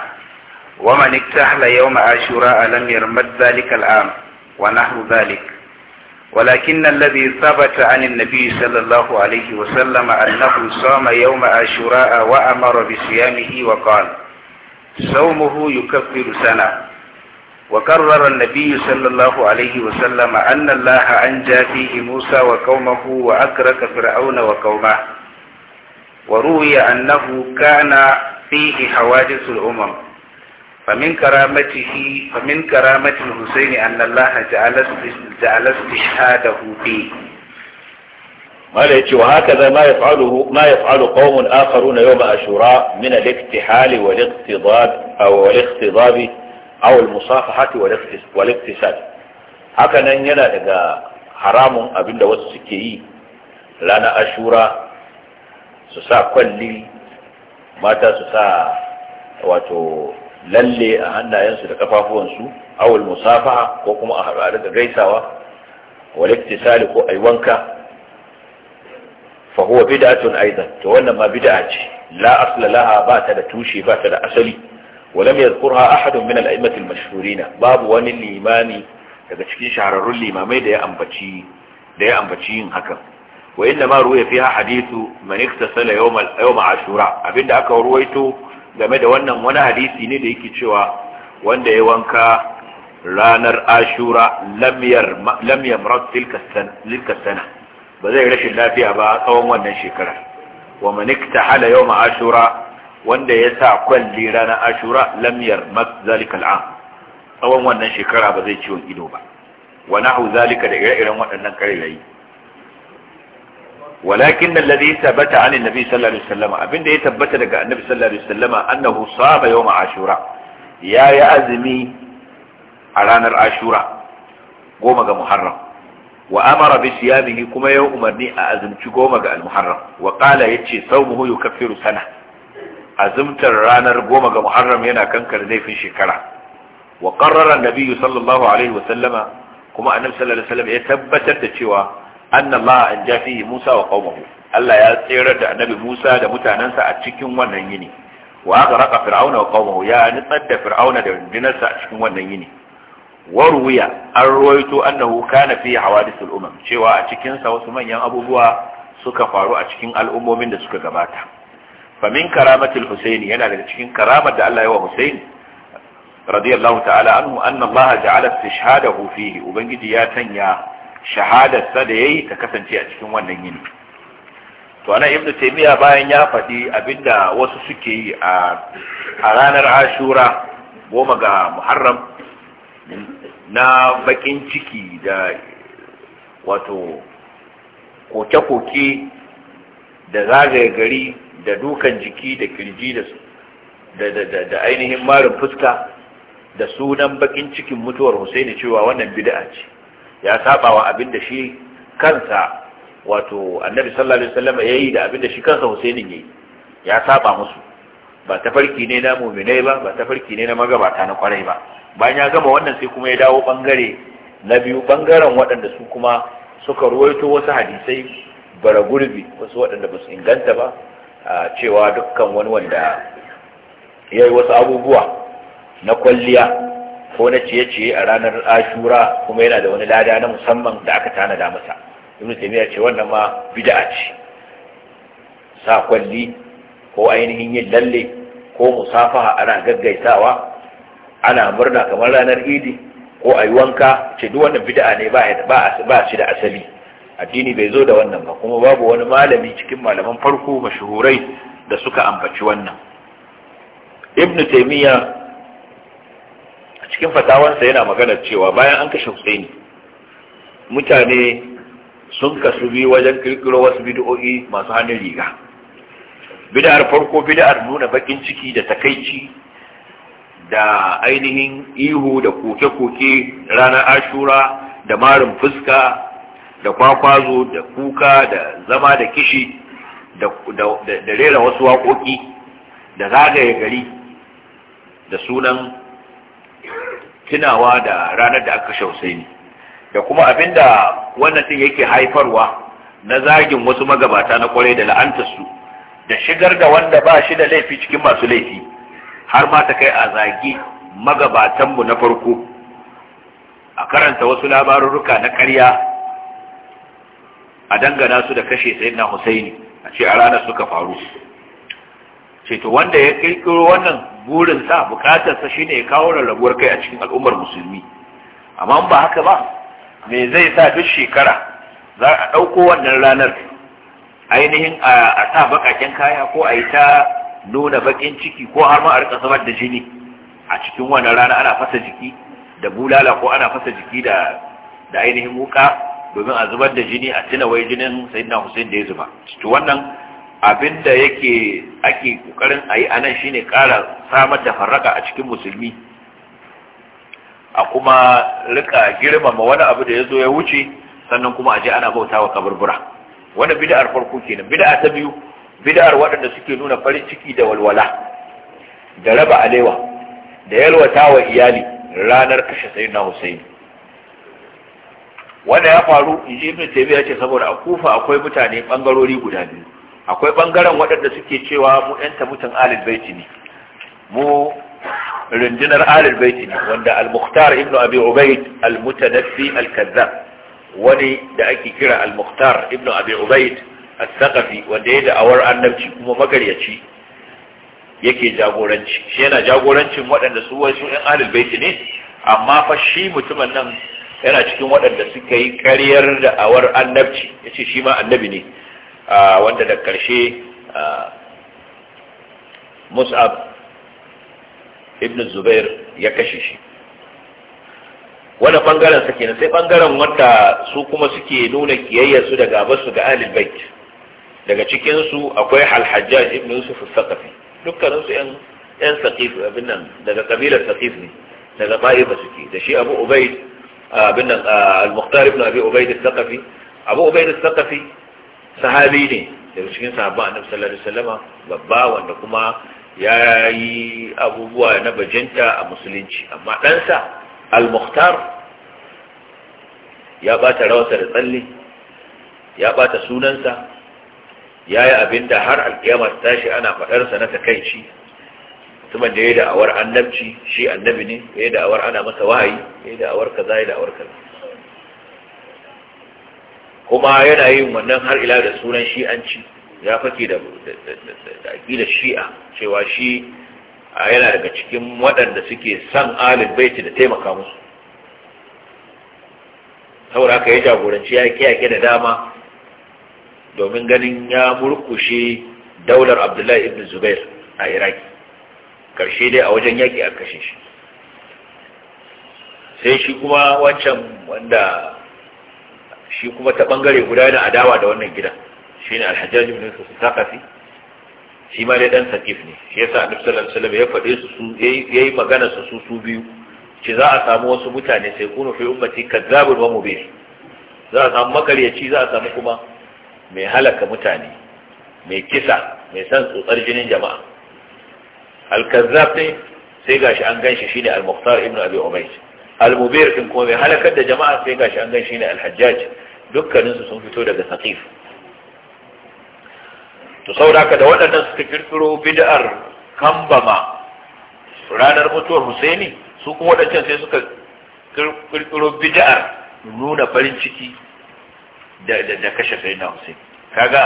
ومن اكتحل يوم عاشوراء لم يرمد ذلك العام ونحو ذلك ولكن الذي ثبت عن النبي صلى الله عليه وسلم أنه صام يوم عاشوراء وأمر بصيامه وقال صومه يكفر سنة وكرر النبي صلى الله عليه وسلم أن الله أنجى فيه موسى وقومه وأكرك فرعون وقومه وروي أنه كان فيه حوادث الأمم فمن كرامته فمن كرامة الحسين أن الله جعل جعل استشهاده فيه ما وهكذا ما يفعله ما يفعل قوم آخرون يوم أشوراء من الاكتحال والاقتضاب أو الاقتضاب أو المصافحة والاكتساب هكذا ينادى حرام أبن wasu لنا أشوراء su sa kwalli mata su sa wato lalle a hannayensu da kafafuwansu awul musafaha ko kuma a haɗu da gaisawa wal ko ai wanka fa huwa bid'atun aidan to wannan ma bid'a ce la asla laha ba ta da tushe ba ta da asali ولم يذكرها أحد من الأئمة المشهورين باب wani limami daga cikin shahararrun limamai da ya ambaci da ya ambaci yin hakan wa inda ma ruwa fiha hadithu man iktasala yawm ashura abinda aka ruwaito game da wannan wani hadisi ne da yake cewa wanda ya wanka ranar ashura lam yamrat tilka sana ba zai rashin lafiya ba tsawon wannan shekara wa man iktahala yawm ashura wanda ya sa kwalli ranar ashura lam yarmat zalikal am tsawon wannan shekara ba zai ciwon ido ba wa nahu zalika da ire-iren waɗannan karirai walakin alladhi thabata an annabi sallallahu alaihi abinda ya tabbata daga annabi sallallahu alaihi wasallam annahu ashura ya ya azumi a ranar ashura goma ga muharram wa amara bi siyamihi kuma ya umarni a azumci goma ga al-muharram wa qala yace sawmuhu yukaffiru sana azumtar ranar goma ga muharram yana kankar laifin shekara wa qarrara an-nabi sallallahu alaihi wasallam annabi sallallahu ya tabbatar da cewa anna Allah an Musa wa qaumahu Allah ya tserar da annabi Musa da mutanansa a cikin wannan yini wa agaraqa fir'auna wa qaumahu ya nitsar da fir'auna da rundunarsa a cikin wannan yini wa ruwiya an ruwaito annahu kana fi hawadith al-umam cewa a cikin wasu manyan abubuwa suka faru a cikin al'ummomin da suka gabata fa min karamatil yana daga cikin karamar da Allah ya wa Husaini radiyallahu ta'ala anhu anna Allah ja'ala istishhadahu fihi ubangiji ya sanya. shahadarsa da ya yi ta kasance a cikin wannan yini to ana ibnu taimiyya bayan ya faɗi abinda wasu suke yi a ranar ashura goma ga muharram na bakin ciki da wato koke-koke da zagaye gari da dukan jiki da kirji da ainihin marin fuska da sunan bakin cikin mutuwar Hussaini cewa wannan bid'a ce ya saba wa abin da shi kansa wato annabi sallallahu alaihi wasallam ya yi da abin da shi kansa Hussainin ya yi ya saba musu ba ta farki ne na muminai ba ba ta farki ne na magabata na kwarai ba bayan ya gama wannan sai kuma ya dawo bangare na biyu bangaren waɗanda su kuma suka ruwaito wasu hadisai bara gurbi wasu waɗanda ba su inganta ba cewa dukkan wani wanda ya yi wasu abubuwa na kwalliya ko na ciye-ciye a ranar ashura kuma yana da wani lada na musamman da aka tanada masa ibn taymiya ce wannan ma bid'a ce sa kwalli ko ainihin yin lalle ko musafaha ana gaggaisawa ana murna kamar ranar idi ko ayi wanka ce duk wannan bid'a ne ba ba shi da asali addini bai zo da wannan ba kuma babu wani malami cikin malaman farko mashuhurai da suka ambaci wannan ibn taymiya a cikin fatawansa yana magana cewa bayan an kashe Husaini mutane sun kasu bi wajen kirkiro wasu bid'o'i masu hannun riga bid'ar farko bid'ar nuna bakin ciki da takaici da ainihin ihu da koke-koke ranar ashura da marin fuska da kwakwazo da kuka da zama da kishi da rera wasu waƙoƙi da zagaye gari da sunan tunawa da ranar da aka kashe ne da kuma abinda wannan din yake haifarwa na zagin wasu magabata na kwarai da la'antarsu, da shigar da wanda ba shi da laifi cikin masu laifi har ma ta kai a zagi magabatanmu na farko a karanta wasu labarurruka na karya, a dangana su da kashe sayyidina Husaini a ce a ranar suka faru ce wanda ya kirkiro wannan burinsa bukatarsa shine ya kawo rarrabuwar kai a cikin al'ummar musulmi amma ba haka ba me zai sa duk shekara za a ɗauko wannan ranar ainihin a sa bakaken kaya ko a yi ta nuna baƙin ciki ko har ma a rika zubar da jini a cikin wannan rana ana fasa jiki da bulala ko ana fasa jiki da da ainihin wuka domin a zubar da jini a tuna wai jinin sayyidina Hussein da ya zuba to wannan abinda yake ake kokarin a yi anan shine ƙara samar da farraka a cikin musulmi a kuma rika girmama wani abu da ya zo ya wuce sannan kuma a je ana bauta wa kaburbura wani bida'ar farko kenan bida'a ta biyu bida'ar waɗanda suke nuna farin ciki da walwala da raba alewa da yalwata wa iyali ranar kashe sayi na husaini wanda ya faru inji ibn taymiya ce saboda a kufa akwai mutane bangarori guda biyu akwai bangaren waɗanda suke cewa mu yan tabutin alil baiti ne mu rundunar alil baiti ne wanda al-mukhtar ibn abi ubayd al-mutanaffi al-kazzab wani da ake kira al-mukhtar ibn abi ubayd al-thaqafi wanda ya da'awar annabci kuma magaryaci yake jagoranci shi yana jagorancin waɗanda su wasu yan alil baiti ne amma fa shi mutumin nan yana cikin waɗanda suka yi karyar da'awar annabci yace shi ma annabi ne wanda da karshe mus'ab ibn zubair ya kashe shi wani ɓangaren sa kenan sai ɓangaren wanda su kuma suke nuna kiyayyar su daga basu ga ahlul bait daga cikin su akwai al-hajjaj ibn yusuf al-thaqafi dukkanin su yan yan saqif abin nan daga kabilar saqif ne daga ta'ifa suke da shi abu ubayd abin nan al-muqtar ibn abi ubayd al-thaqafi abu ubayd al-thaqafi sahabi ne daga cikin sahabba annabi sallallahu alaihi wasallama babba wanda kuma ya yi abubuwa na bajinta a musulunci amma ɗansa al-mukhtar ya bata rawarsa da tsalle ya bata sunansa ya yi abinda har har ta tashi ana faɗarsa na takaici mutumin da ya yi da'awar annabci shi annabi ne ya yi da'awar ana masa wahayi ya yi da'awar kaza ya yi da'awar kaza kuma yana yin wannan har ila da sunan shi'anci ya fake da aƙila shi'a cewa shi yana daga cikin waɗanda suke san alif baiti da taimaka musu saboda haka ya jagoranci ya yake da dama domin ganin ya murkushe daular abdullahi ibn zubair a iraki karshe dai a wajen yaƙi a kashe shi sai shi kuma wancan wanda shi kuma ta bangare guda yana adawa da wannan gidan Shi ne alhajjaji ibn yusuf sakafi shi ma dai dan sakif ne shi yasa annabi sallallahu alaihi ya faɗe su su yayi magana su su su biyu ce za a samu wasu mutane sai kunu fi ummati kazzabun wa mubin za a samu makaryaci za a samu kuma mai halaka mutane mai kisa mai san tsotsar jinin jama'a al-kazzab sai gashi an ganshi shine al-muqtar ibn abi umayyah al-mubir din kuma mai halakar da jama'a sai gashi an ganshi ne al-hajjaj dukkanin su sun fito daga saqif to saboda da waɗannan suka kirkiro bid'ar kambama ranar mutuwar Husaini su kuma waɗancan sai suka kirkiro bid'ar nuna farin ciki da da kashe Sayyidina Husaini kaga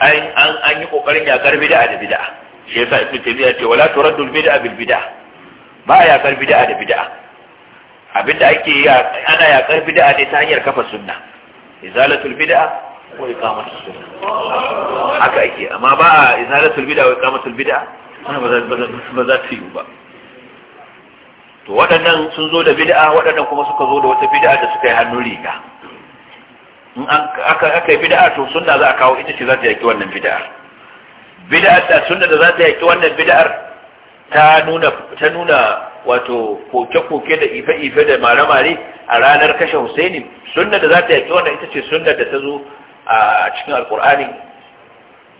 an an yi kokarin yakar bid'a da bid'a shi yasa Ibn Taymiyyah ce wala turaddu al-bid'a bil bid'a ba yakar bid'a da bid'a abinda ake yi ana yakar bid'a ne ta hanyar kafa sunna izalatul bid'a wa iqamatus sunna haka ake amma ba izalatul bid'a wa iqamatul bid'a wannan ba za ta yi ba to waɗannan sun zo da bid'a waɗannan kuma suka zo da wata bid'a da suka yi hannu riga in aka yi bid'a to sunna za a kawo ita ce za ta yaki wannan bid'a bid'a da sunna da za ta yaki wannan bid'ar ta nuna wato koke-koke da ife-ife da mare-mare a ranar kashe Husaini sunna da za ta yaki wannan ita ce sunna da ta zo a cikin alkur'ani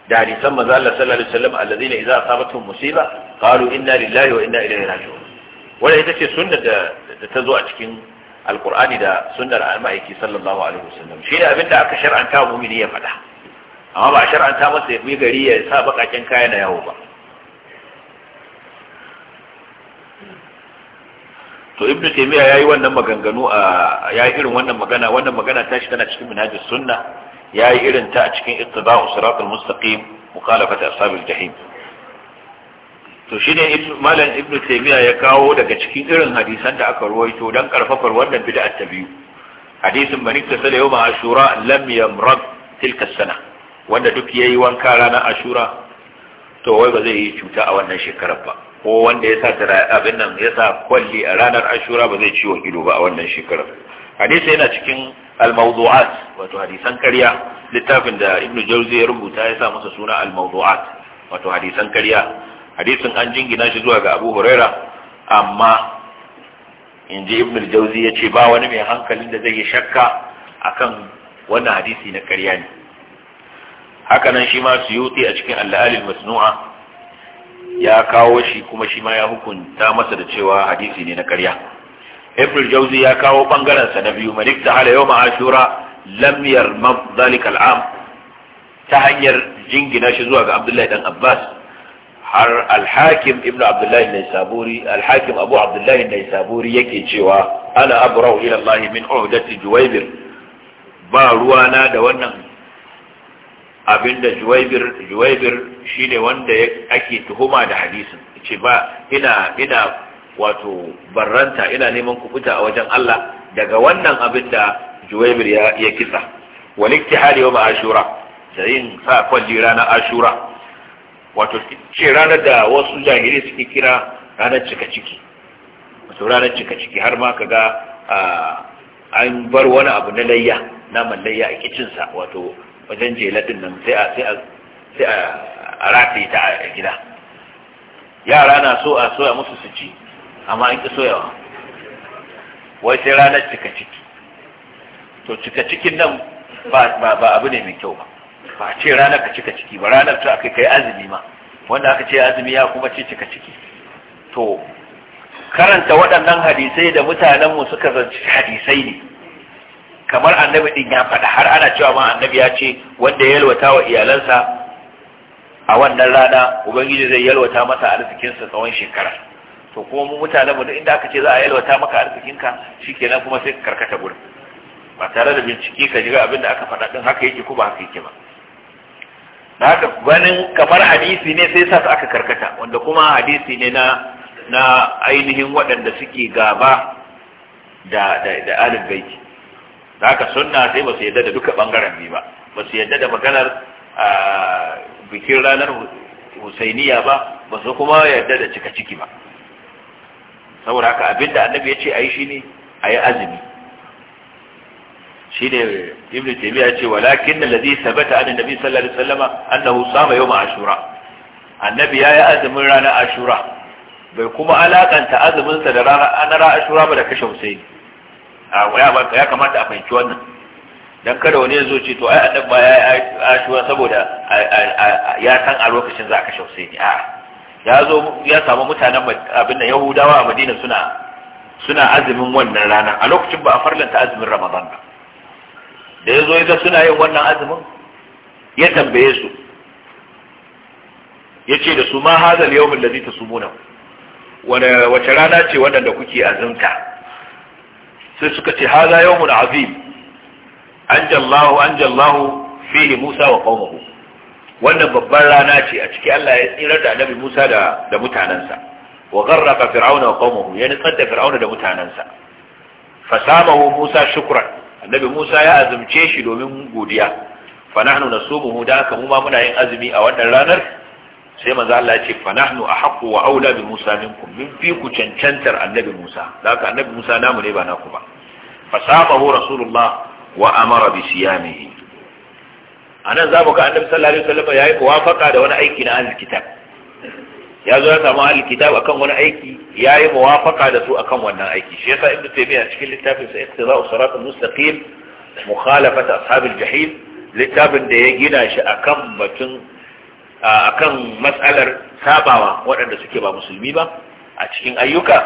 da hadisan manzo Allah sallallahu alaihi wasallam allazina idza asabatuhum musiba qalu inna lillahi wa inna ilaihi raji'un wannan ita ce sunna da ta zo a cikin alkur'ani da sunnar al-ma'aiki sallallahu alaihi wasallam shi ne abinda aka shar'anta mu'mini ya faɗa amma ba a shar'anta masa ya bi gari ya sa bakakin kaya na yawo ba to ibnu taymiya yayi wannan maganganu a yayi irin wannan magana wannan magana ta shi tana cikin minhajus sunna yayi irin ta a cikin ittiba'u siratal mustaqim mukhalafat ashabil jahim to shi ne malam ibnu taymiya ya kawo daga cikin irin hadisan da aka ruwaito dan karfafar wannan bid'a ta biyu hadisin man iktasala yawm ashura lam yamrad tilka sana wanda duk yayi wanka ranar ashura to wai ba zai yi cuta a wannan shekarar ba ko wanda ya sa abin nan ya sa kwalli a ranar ashura ba zai ciwon ido ba a wannan shekarar hadisi yana cikin al-mawdu'at wato hadisan karya. littafin da ibnu jauzi ya rubuta ya sa masa suna al-mawdu'at wato hadisan karya. hadisin an jingina shi zuwa ga abu huraira amma in ji ibnu jauzi ya ce ba wani mai hankalin da zai yi shakka akan wannan hadisi na karya ne haka nan shi ma suyuti a cikin al-alil masnu'a ya kawo shi kuma shi ma ya hukunta masa da cewa hadisi ne na karya ibn jauzi ya kawo bangaren sa na biyu malik ta hala yau ashura lam yarmad zalika al'am ta hanyar jingina shi zuwa ga abdullahi dan abbas har alhakim hakim ibn abdullahi ne saburi al abu abdullahi ne saburi yake cewa ana abrau ila allah min uhdati juwaybir ba ruwana da wannan abinda juwaibir juwaibir shine wanda ake tuhuma da hadisin ce ba ina ina wato barranta ina neman kubuta a wajen Allah daga wannan abin da juwaibir ya ya kisa wal iktihadi wa ashura da yin sa kwalli rana ashura wato ce ranar da wasu jahili suke kira ranar cika ciki wato ranar cika ciki har ma kaga an bar wani abu na layya naman layya a kicinsa wato wajen jeladin nan sai a sai a rataye ta a gida yara na so a soya musu su ci amma an ƙi soyawa wai sai ranar cika ciki to cika cikin nan ba abu ne mai kyau ba ba ce ranar ka cika ciki ba ranar ta aka kai azumi ma wanda aka ce azumi ya kuma ce cika ciki to karanta waɗannan hadisai da mutanenmu suka zanci hadisai ne kamar annabi din ya faɗa har ana cewa ma annabi ya ce wanda ya yalwata wa iyalansa a wannan rana ubangiji zai yalwata masa arzikinsa tsawon shekara to kuma mu mutane mu duk inda aka ce za a yalwata maka arzikinka shikenan kuma sai ka karkata gurin ba tare da bincike ka jiga abin da aka faɗa din haka yake ko ba haka yake ba da haka ganin kamar hadisi ne sai sa aka karkata wanda kuma hadisi ne na na ainihin waɗanda suke gaba da da da alif baiti da haka sunna sai ba su yadda da duka bangaren biyu ba ba su yadda da maganar bikin ranar husainiya ba ba su kuma yadda da cika ciki ba saboda haka abinda annabi ya ce a yi shi ne a yi azumi shi ne ibn taymiya ce walakin allazi sabata an annabi sallallahu alaihi wasallam annahu sama yau ashura annabi ya yi azumin ranar ashura bai kuma alakanta azuminsa da ranar ashura ba da kashe husaini ya kamata a fahimci wannan don kada wani ya zo ce to ai ɗan ba ya shuwa saboda ya san a lokacin za a kashe Husaini ne. ya zo ya samu mutanen abin da Yahudawa a Madina suna suna azumin wannan rana a lokacin ba a farlanta azumin Ramadan ba da ya zo ya suna yin wannan azumin ya tambaye su ya ce da su ma hazal ta sumuna. Wani wace rana ce wannan da kuke azumta sai suka ce yau yawmun azim anjallahu anjallahu fihi Musa wa qaumahu wannan babban rana ce a ciki Allah ya tsira da Annabi Musa da da mutanansa wa gharraqa fir'auna wa qaumahu ya nutsar da fir'auna da mutanansa fasamahu Musa shukran Annabi Musa ya azumce shi domin godiya fa nahnu nasubuhu da haka mu ma muna yin azumi a wannan ranar sai manzo Allah ya ce fa nahnu ahqqu wa aula bi Musa minkum min fi ku cancantar annabi Musa ka annabi Musa namu ne ba naku ba fa sabahu rasulullah wa amara bi siyamihi anan zamu ga annabi sallallahu alaihi wasallam yayi muwafaqa da wani aiki na ahlul kitab ya zo ya samu ahlul kitab akan wani aiki yayi muwafaqa da su akan wannan aiki shi yasa ibnu taymiya cikin littafin sa iqtida'u siratal mustaqim mukhalafat ashabil jahim littafin da ya gina shi akan batun akan matsalar sabawa waɗanda suke ba musulmi ba a cikin ayyuka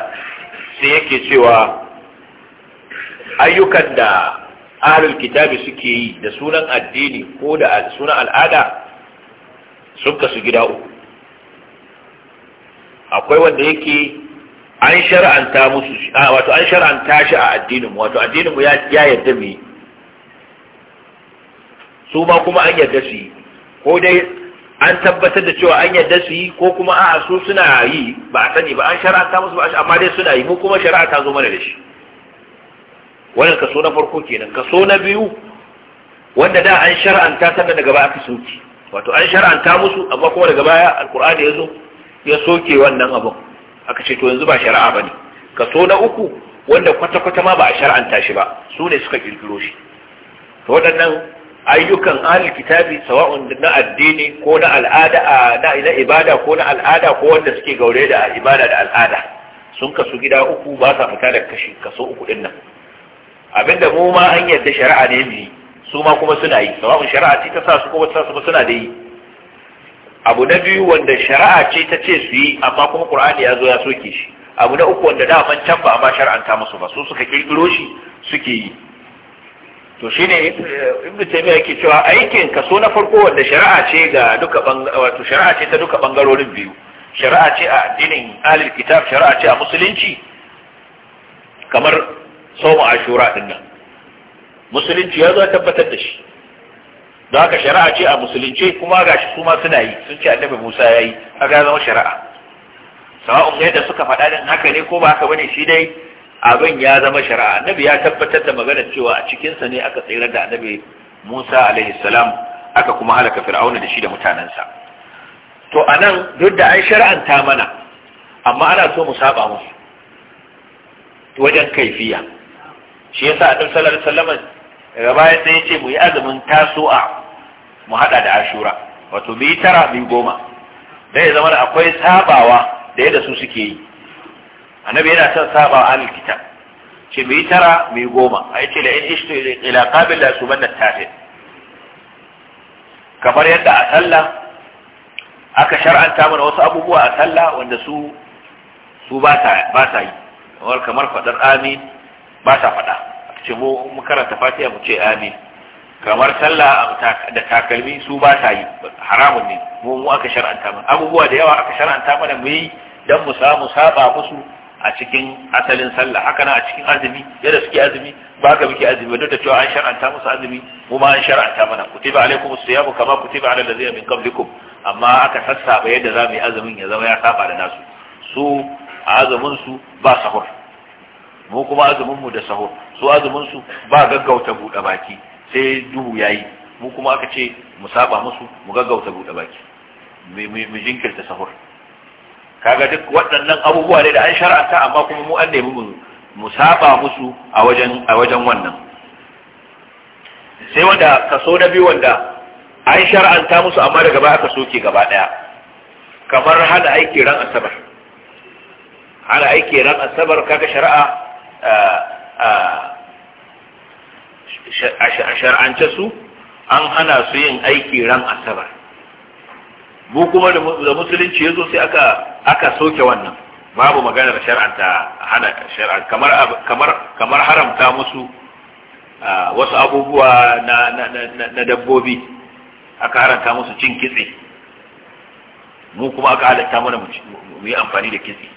sai yake cewa ayyukan da ahlul kitabi suke yi da sunan addini ko da sunan al'ada sun kasu gida uku akwai wanda yake an shar'anta musu wato an shar'anta shi a addinin mu wato addinin mu ya yadda mu su ma kuma an yadda su yi ko dai an tabbatar da cewa an yarda su yi ko kuma a su suna yi ba a sani ba an ta musu ba amma dai suna yi mu kuma shari'a ta zo mana da shi wannan kaso na farko kenan kaso na biyu wanda da an shara'anta sanda daga baya aka soke wato an shara'anta musu amma kuma daga baya alkur'ani ya zo ya soke wannan abin aka ce to yanzu ba shari'a bane kaso na uku wanda kwata-kwata ma ba a shara'anta shi ba su ne suka kirkiro shi to waɗannan ayyukan ahli kitabi sawa'un na addini ko na al'ada na ina ibada ko na al'ada ko wanda suke gaure da ibada da al'ada sun kasu gida uku ba sa fita da kashi kaso uku din nan abinda mu ma an yadda shari'a ne mu su ma kuma suna yi sawa'un shari'a ce ta sa su kuma ta sa suna da yi abu na biyu wanda shari'a ce ta ce su yi amma kuma qur'ani ya zo ya soke shi abu na uku wanda da man can ba amma shar'anta musu ba su suka kirkiro shi suke yi to shi shine eh, ibnu taymiya yake cewa aikin kaso na farko wanda shari'a ce ga duka wato shari'a ce ta duka bangarorin biyu shari'a ce a addinin alil kitab shari'a ce a musulunci kamar sawmu ashura din nan musulunci ya zo tabbatar da shi don haka shari'a ce a musulunci kuma gashi su ma suna yi sun ce annabi Musa ya yi, haka ya zama shari'a sawa'un yadda suka faɗa din haka ne ko ba haka bane shi dai abin ya zama shari'a annabi ya tabbatar da magana cewa a cikinsa ne aka tsira da annabi musa alaihi salam aka kuma halaka fir'auna da shi da mutanensa to anan duk da ai shari'an ta mana amma ana so mu saba musu wajen kaifiya shi yasa annabi sallallahu alaihi wasallam gaba ya sai ce mu yi azumin tasu'a mu hada da ashura wato bi tara bi goma dai ya zama akwai sabawa da yadda su suke yi annabi yana son saba ahlul kitab ce mai tara mai goma a yace la in ishtu ila qabil la subanna tahid kamar yadda a sallah aka shar'anta mana wasu abubuwa a sallah wanda su su ba ta ba ta yi kamar kamar fadar amin ba sa fada ce mu mu karanta fatiha mu ce amin kamar sallah da takalmi su ba ta yi haramun ne mu mu aka shar'anta mana abubuwa da yawa aka shar'anta mana mu yi dan mu samu saba musu a cikin asalin sallah haka nan a cikin azumi yadda suke azumi ba ka muke azumi duk da cewa an shar'anta musu azumi mu ma an shar'anta mana kutiba alaikum as-siyamu kama kutiba ala allazina min qablikum amma aka sassaba yadda za mu yi azumin ya zama ya saba da nasu su azumin su ba sahur mu kuma azumin mu da sahur su azumin su ba gaggauta buɗe baki sai duhu yayi mu kuma aka ce mu saba musu mu gaggauta buɗe baki mu jinkirta sahur kaga duk waɗannan abubuwa ne da an shar'anta amma kuma mu an nemi mu saba musu a wajen a wajen wannan sai wanda kaso na biyu wanda an shar'anta musu amma daga baya aka soke gaba daya kamar hana aiki ran asabar hana aiki ran asabar kaga shari'a a shar'ance su an hana su yin aiki ran asabar mu kuma da musulunci ya zo sai aka aka soke wannan babu maganar shar'anta hana shar'an kamar kamar kamar haramta musu wasu abubuwa na na dabbobi aka haramta musu cin kitse mu kuma aka halatta mana mu yi amfani da kitse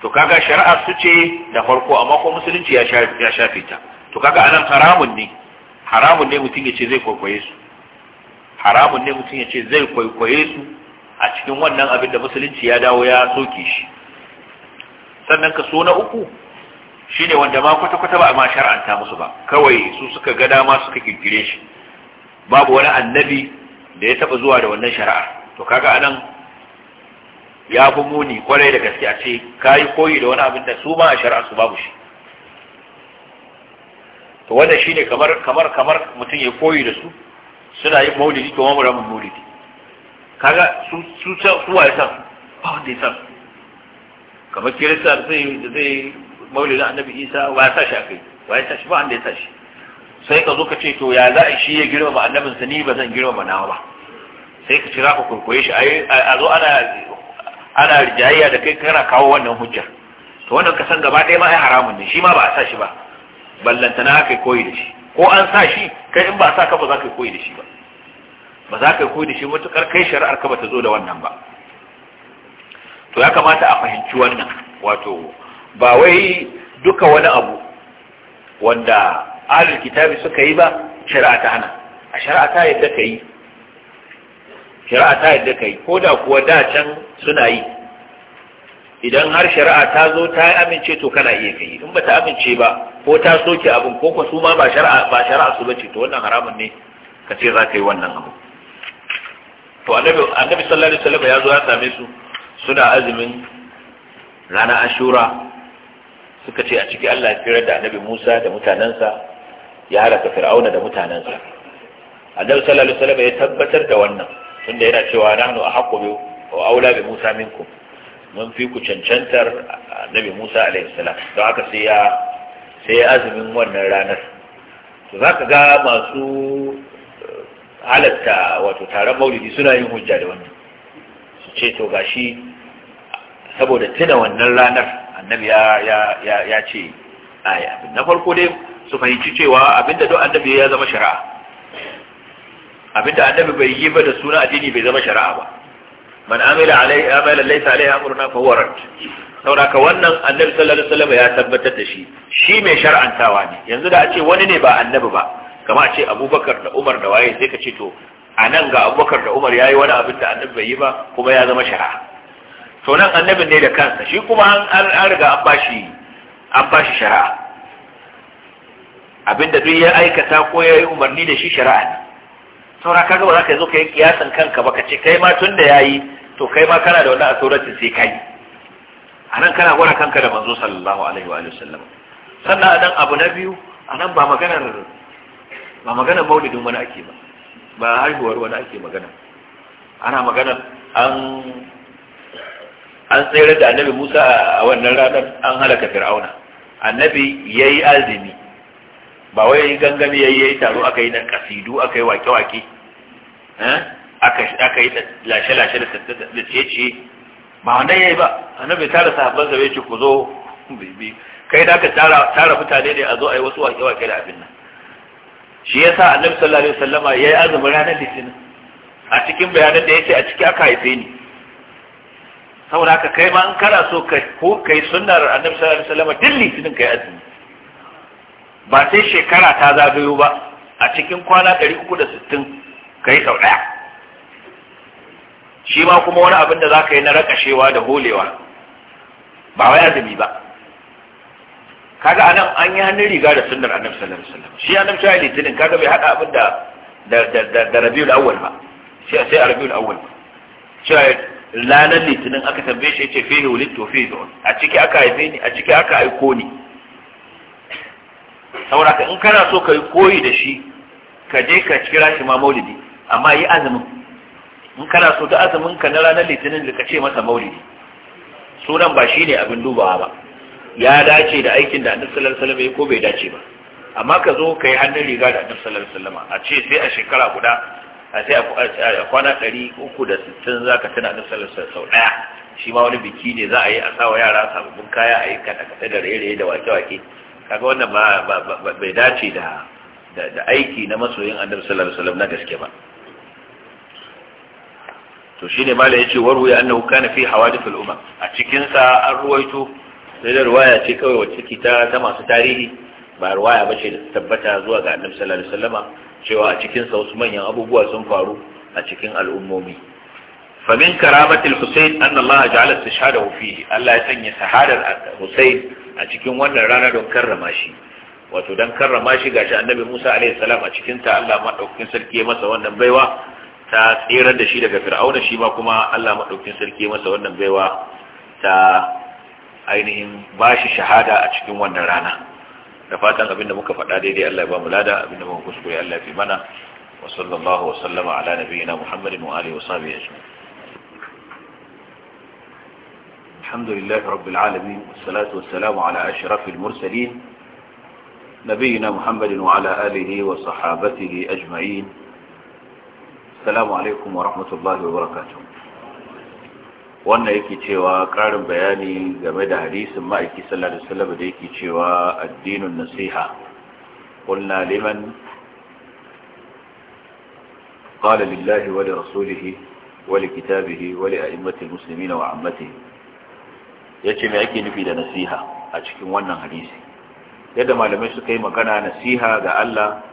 to kaga shari'a su ce da farko amma ko musulunci ya shafe ta to kaga anan haramun ne haramun ne mutum ya ce zai kwaikwaye su haramun ne mutum ya ce zai kwaikwaye su a cikin wannan abin da musulunci ya dawo ya soke shi sannan ka so na uku Shi ne wanda ma kwata-kwata ba a ma shar'anta musu ba kawai su suka ga dama suka kirkire shi babu wani annabi da ya taba zuwa da wannan shari'ar to kaga anan ya fi muni kwarai da gaskiya ce ka yi koyi da wani abin da su ma a shari'ar su babu shi to wannan ne kamar kamar kamar mutum ya koyi da su suna yin maulidi to mamura mun maulidi kaga su su su waye san ba wanda ya san kamar kirista da zai zai maulidin annabi isa wa ya shi akai wa ya shi ba wanda ya tashi sai ka zo ka ce to ya za a shi ya girmama annabin sa ni ba zan girmama nawa ba sai ka kira ka kurkure shi a zo ana ana rijayya da kai kana kawo wannan hujjar to wannan kasan gaba ɗaya ma ai haramun ne shi ma ba a sa shi ba ballantana na kai koyi da shi ko an sa shi kai in ba sa ka ba za ka koyi da shi ba ba za ka koyi da shi matukar kai shari'ar ka ba ta zo da wannan ba to ya kamata a fahimci wannan wato ba wai duka wani abu wanda alul kitabi suka yi ba shari'a ta hana a shari'a ta yadda ka yi shari'a ta yadda ka yi ko da kuwa da can suna yi idan har shari'a ta zo ta yi amince to kana iya kai in ba ta amince ba ko ta soke abin ko ko su ma ba shari'a ba shari'a su bace to wannan haramun ne ka ce za ka yi wannan abu to annabi annabi sallallahu alaihi wasallam ya zo ya same su suna azumin ranar ashura suka ce a ciki Allah ya fira da annabi Musa da mutanansa ya halaka fir'auna da mutanansa annabi sallallahu alaihi wasallam ya tabbatar da wannan tunda yana cewa nahnu ahqqu bi wa aula bi Musa minkum mun fi ku cancantar annabi Musa alaihi salam don haka sai ya sai ya azumin wannan ranar to zaka ga masu eh, halatta wato taron maulidi suna yin hujja da wannan su ce to gashi saboda tuna wannan ranar annabi ya ya ya ce aya na farko dai su fahimci cewa abinda duk annabi ya zama shari'a abinda annabi bai yi ba da suna addini bai zama shari'a ba man amila alai amala laysa alaiha amruna fa huwa rad saboda wannan annabi sallallahu alaihi wasallam ya tabbatar da shi shi mai shar'antawa ne yanzu da a ce wani ne ba annabi ba kama a ce abubakar da umar da waye sai ka ce to a nan ga abubakar da umar ya yi wani abin da annabi bai yi ba kuma ya zama shara to nan annabin ne da kansa shi kuma an riga an bashi an bashi shara abinda duk ya aikata ko ya yi umarni da shi shari'a ne saura kaga ba za ka zo ka yi kiyasan kanka ba ka ce kai ma tun da ya yi to kai ma kana da wannan authority sai kai anan kana gwara kanka da manzo sallallahu alaihi wa sallam sannan nan abu na biyu anan ba maganar ba maganar maulidin wani ake ba ba haihuwar wani ake magana ana magana an an tsere da annabi Musa a wannan ranar an halaka Fir'auna annabi yayi azumi ba wai gangami yayi yi taro aka yi na kasidu aka yi wake-wake eh aka yi lashe-lashe da ciye-ciye ba wanda ya yi ba annabi tara sahabban zabe ce ku zo bibi kai da aka tara mutane ne a zo a yi wasu wake-wake da abin nan shi ya sa annabi sallallahu alaihi wasallama ya yi azumin ranar litinin a cikin bayanan da ya ce a ciki aka haife ni saboda haka kai ma in kana so ko kai sunnar annabi sallallahu alaihi wasallama duk litinin kai azumi ba sai shekara ta zagayo ba a cikin kwana 360 kai sau daya shi ma kuma wani abin da za ka yi na rakashewa da holewa ba wa azumi ba kaga anan an yi hannun riga da sunnar annabi sallallahu alaihi wasallam shi annabi sai litinin kaga bai hada abin da da da da rabiul awwal ba sai sai rabiul awwal sai nan litinin aka tambaye shi yace fihi to fihi zuwa a ciki aka haife ni a ciki aka aiko ni saboda in kana so ka yi koyi da shi ka je ka kira shi ma maulidi amma yi azumin in kana so ta azumin ka na ranar litinin da ka ce masa maulidi sunan ba shine abin dubawa ba ya dace da aikin da annabi sallallahu alaihi wasallam ko bai dace ba amma ka zo ka yi hannun riga da annabi sallallahu alaihi wasallam a ce sai a shekara guda a sai a kwana 360 zaka tana annabi sallallahu alaihi wasallam sau daya shi ma wani biki ne za a yi a sawa yara sababbin kaya a yi kada da raye-raye da wake-wake kaga wannan ba bai dace da da aiki na masoyin annabi sallallahu alaihi wasallam na gaske ba to shi ne shine mala yace warwi annahu kana fi hawadith al-umma a cikin sa an ruwaito sai da ruwaya ce kawai wacce ke ta ta masu tarihi ba ruwaya bace da tabbata zuwa ga annabi sallallahu alaihi wasallama cewa a cikin sa wasu manyan abubuwa sun faru a cikin al'ummomi فمن كرامة الحسين أن الله جعل استشهاده فيه الله يسني سحادة a cikin wannan rana don karrama shi. wato don karrama shi gashi annabi Musa alaihi salam a cikin ta Allah madaukakin sarki ya masa wannan baiwa ta tsirar da shi daga fir'auna shi ma kuma Allah madaukakin sarki masa wannan baiwa ta ainihin bashi shahada a cikin wannan rana da fatan abinda muka faɗa daidai Allah ya ba mu lada abinda muka kuskure Allah ya fi mana wa sallallahu wa sallama ala nabiyyina Muhammadin wa alihi wa sahbihi ajma'in alhamdulillahi rabbil alamin wassalatu wassalamu ala ashrafil mursalin نبينا محمد وعلى wa وصحابته أجمعين Salamu alaikum wa rahmatullahi wa barakatuh. Wannan yake cewa ƙarin bayani game da hadisin ma'aiki sallallahu alaihi da yake cewa addinin nasiha. Qulna liman qala lillahi wa rasulihi wa kitabihi wa li a'immati na wa Ya ce me ake nufi da nasiha a cikin wannan hadisi? Yadda malamai suka yi magana nasiha ga Allah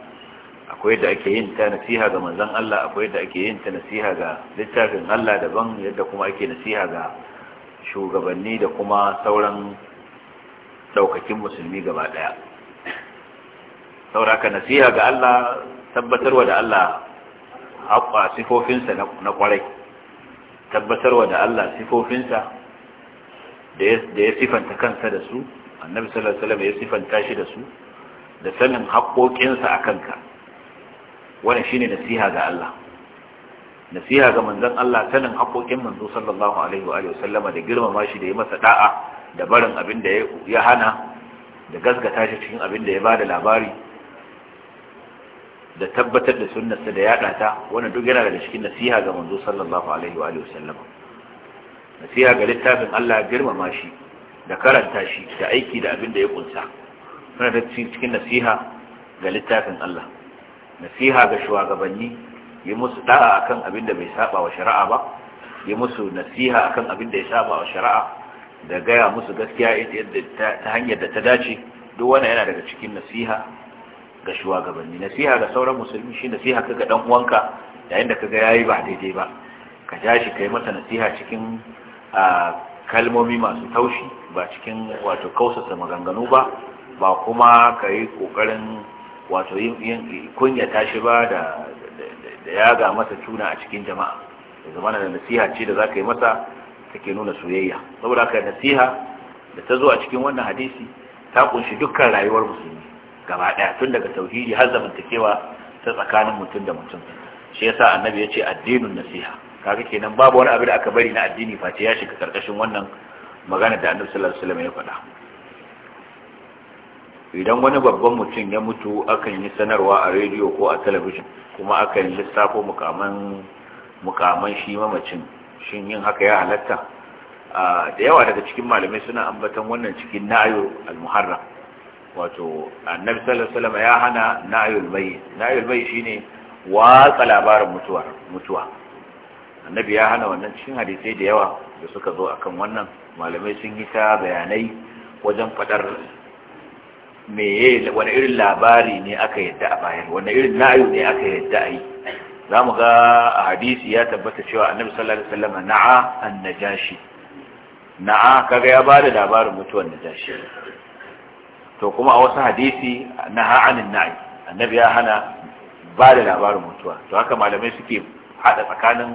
akwai da ake yin ta nasiha ga manzon Allah akwai da ake yin ta nasiha ga littafin Allah daban yadda kuma ake nasiha ga shugabanni da kuma sauran daukakin musulmi gaba daya sauraka nasiha ga Allah tabbatarwa da Allah haƙa sifofinsa na kwarai tabbatarwa da Allah sifofinsa da ya sifanta kansa da su annabi sallallahu alaihi wasallam ya sifanta shi da su da sanin haƙoƙinsa a kanka wannan shine nasiha ga Allah nasiha ga manzon Allah sanin haƙoƙin manzo sallallahu alaihi wa sallama da girmama shi da yi masa da'a da barin abin da ya hana da gaskata shi cikin abin da ya bada labari da tabbatar da sunnarsa da yada ta wani duk yana da cikin nasiha ga manzo sallallahu alaihi wa sallama nasiha ga littafin Allah girmama shi da karanta shi da aiki da abin da ya kunsa da cikin nasiha ga littafin Allah nasiha ga shugabanni yi musu da'a akan abin da bai saba wa shari'a ba yi musu nasiha akan abin da ya saba wa shari'a da gaya musu gaskiya yadda ta hanyar da ta dace duk wannan yana daga cikin nasiha ga shugabanni nasiha ga sauran musulmi shi nasiha ka ga dan uwanka yayin da kaga yayi ba daidai ba ka ja shi kai masa nasiha cikin a kalmomi masu taushi ba cikin wato kausasa maganganu ba ba kuma ka yi kokarin wato yin ta shi ba da ya ga masa tuna a cikin jama'a da zamana da nasiha ce da za ka yi masa take nuna soyayya saboda haka nasiha da ta zo a cikin wannan hadisi ta kunshi dukkan rayuwar musulmi gaba ɗaya tun daga tauhidi har zamantakewa ta tsakanin mutum da mutum shi yasa annabi ya ce addinin nasiha kaga kenan babu wani abu da aka bari na addini face ya shiga karkashin wannan magana da annabi sallallahu alaihi wasallam ya faɗa idan wani babban mutum ya mutu akan yi sanarwa a rediyo ko a talabijin kuma akan lissafo mukaman shi mamacin shin yin haka ya halatta da yawa daga cikin malamai suna ambatan wannan cikin na'ayo al-muharram wato annabi sallallahu ya hana mai. mayyit mai shi shine watsa labarin mutuwa mutuwa annabi ya hana wannan cikin hadisai da yawa da suka zo akan wannan malamai sun yi ta bayanai wajen fadar meye wani irin labari ne aka yadda a bayan wani irin na'ayu ne aka yadda a yi za mu ga a hadisi ya tabbata cewa annabi sallallahu alaihi wasallam na'a annajashi na'a kaga ya bada labarin mutuwar najashi to kuma a wasu hadisi naha anin na'i annabi ya hana bada labarin mutuwa to haka malamai suke hada tsakanin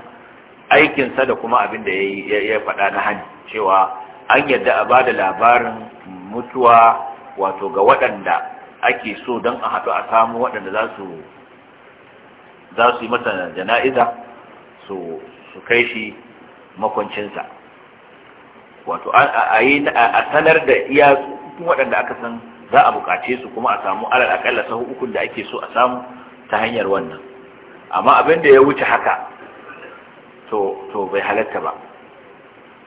aikinsa da kuma abin da ya faɗa na hani cewa an yadda a bada labarin mutuwa wato ga waɗanda ake so don a haɗu a samu waɗanda za su yi masa jana'iza su kai shi makoncinsa. wato a sanar da iya waɗanda aka san za a buƙace su kuma a samu alal akalla sahu ukun da ake so a samu ta hanyar wannan amma abin da ya wuce haka to bai halatta ba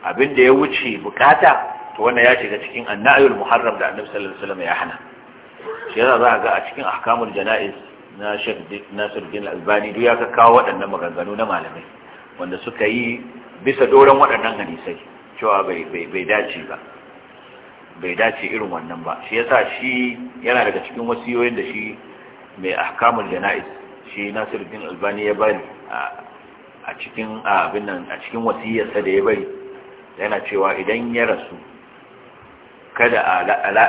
abin da ya wuce bukata to wannan ya shiga cikin annayul muharram da annabi sallallahu alaihi wasallam ya hana shi yasa za ga a cikin ahkamul janaiz na Sheikh Nasiruddin Albani duk ya kawo waɗannan maganganu na malamai wanda suka yi bisa doron waɗannan hadisai cewa bai dace ba bai dace irin wannan ba shi yasa shi yana daga cikin wasiyoyin da shi mai ahkamul janaiz shi Nasiruddin Albani ya bari a cikin abin nan a cikin wasiyarsa da ya bari yana cewa idan ya rasu kada a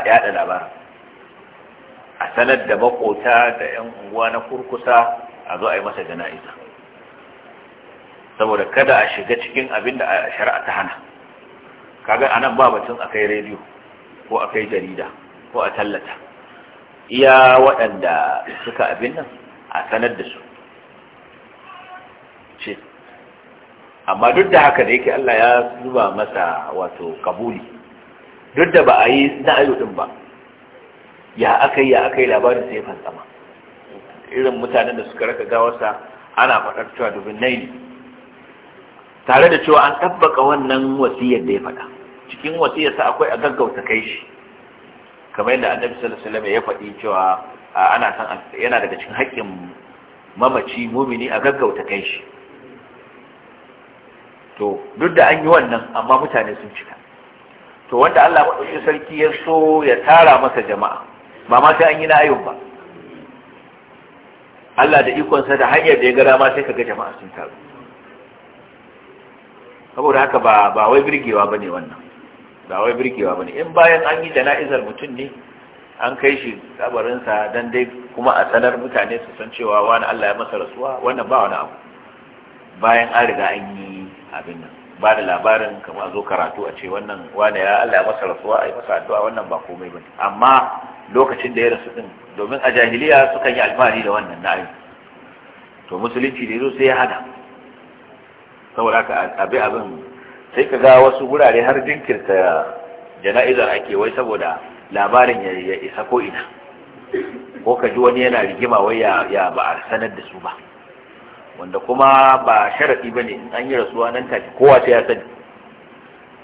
yada labarin a sanar da makota da 'yan unguwa na kurkusa a zo a yi masa jana'iza saboda kada a shiga cikin abin da a shari'a ta hana kaga anan ba batun a kai rediyo ko a kai jarida ko a tallata iya waɗanda suka abin nan a sanar da su ce amma duk da haka da yake Allah ya zuba masa wato kabuli duk da ba a yi na ayo din ba ya aka yi ya aka yi labarin sai fantsama irin mutanen da suka raka gawarsa ana faɗar cewa dubin naili tare da cewa an tabbaka wannan wasiyar da ya faɗa cikin wasiyarsa akwai a gaggauta kai shi kamar yadda annabi sallallahu alaihi wasallam ya faɗi cewa ana san yana daga cikin haƙƙin mamaci mumini a gaggauta kai shi to duk da an yi wannan amma mutane sun cika to wanda Allah maɗauki sarki ya so ya tara masa jama'a ba ma sai an yi na ayyun ba Allah da ikonsa da hanyar da ya gara ma sai ka kaga jama'a sun taru saboda haka ba ba wai birgewa bane wannan ba wai birgewa bane in bayan an yi jana'izar mutum ne an kai shi tsabarinsa, dan dai kuma a sanar mutane su san cewa wani Allah ya masa rasuwa wannan ba wani abu bayan an riga an yi abin nan ba da labarin kamar zo karatu a ce wannan wane ya Allah ya masa rasuwa a yi masa addu'a wannan ba komai ba amma lokacin da ya rasu din domin a jahiliya sukan yi alfahari da wannan na'ayi to musulunci da zo sai ya hada saboda ka abi abin sai ka ga wasu wurare har jinkirta jana'iza ake wai saboda labarin ya isa ko ina ko ka ji wani yana rigima wai ya ba a sanar da su ba wanda kuma ba sharaɗi ba ne in an yi rasuwa nan take kowa sai ya sani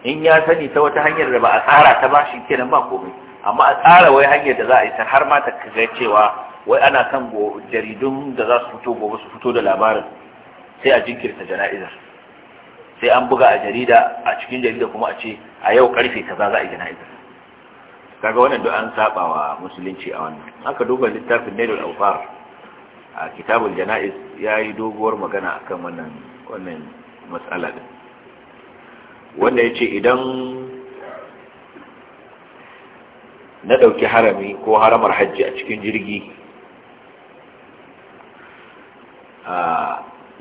in ya sani ta wata hanyar da ba a tsara ta ba shi kenan ba komai amma a tsara wai hanyar da za a yi ta har ma ta kaga cewa wai ana kan jaridun da za su fito gobe su fito da labarin sai a jinkirta jana'izar sai an buga a jarida a cikin jarida kuma a ce a yau karfe ta za a yi jana'izar kaga wannan duk an saba wa musulunci a wannan haka duba littafin nailul fara. a kitabul jana'iz ya yi doguwar magana akan wannan wannan matsala din wanda yace idan na ɗauki harami ko haramar hajji a cikin jirgi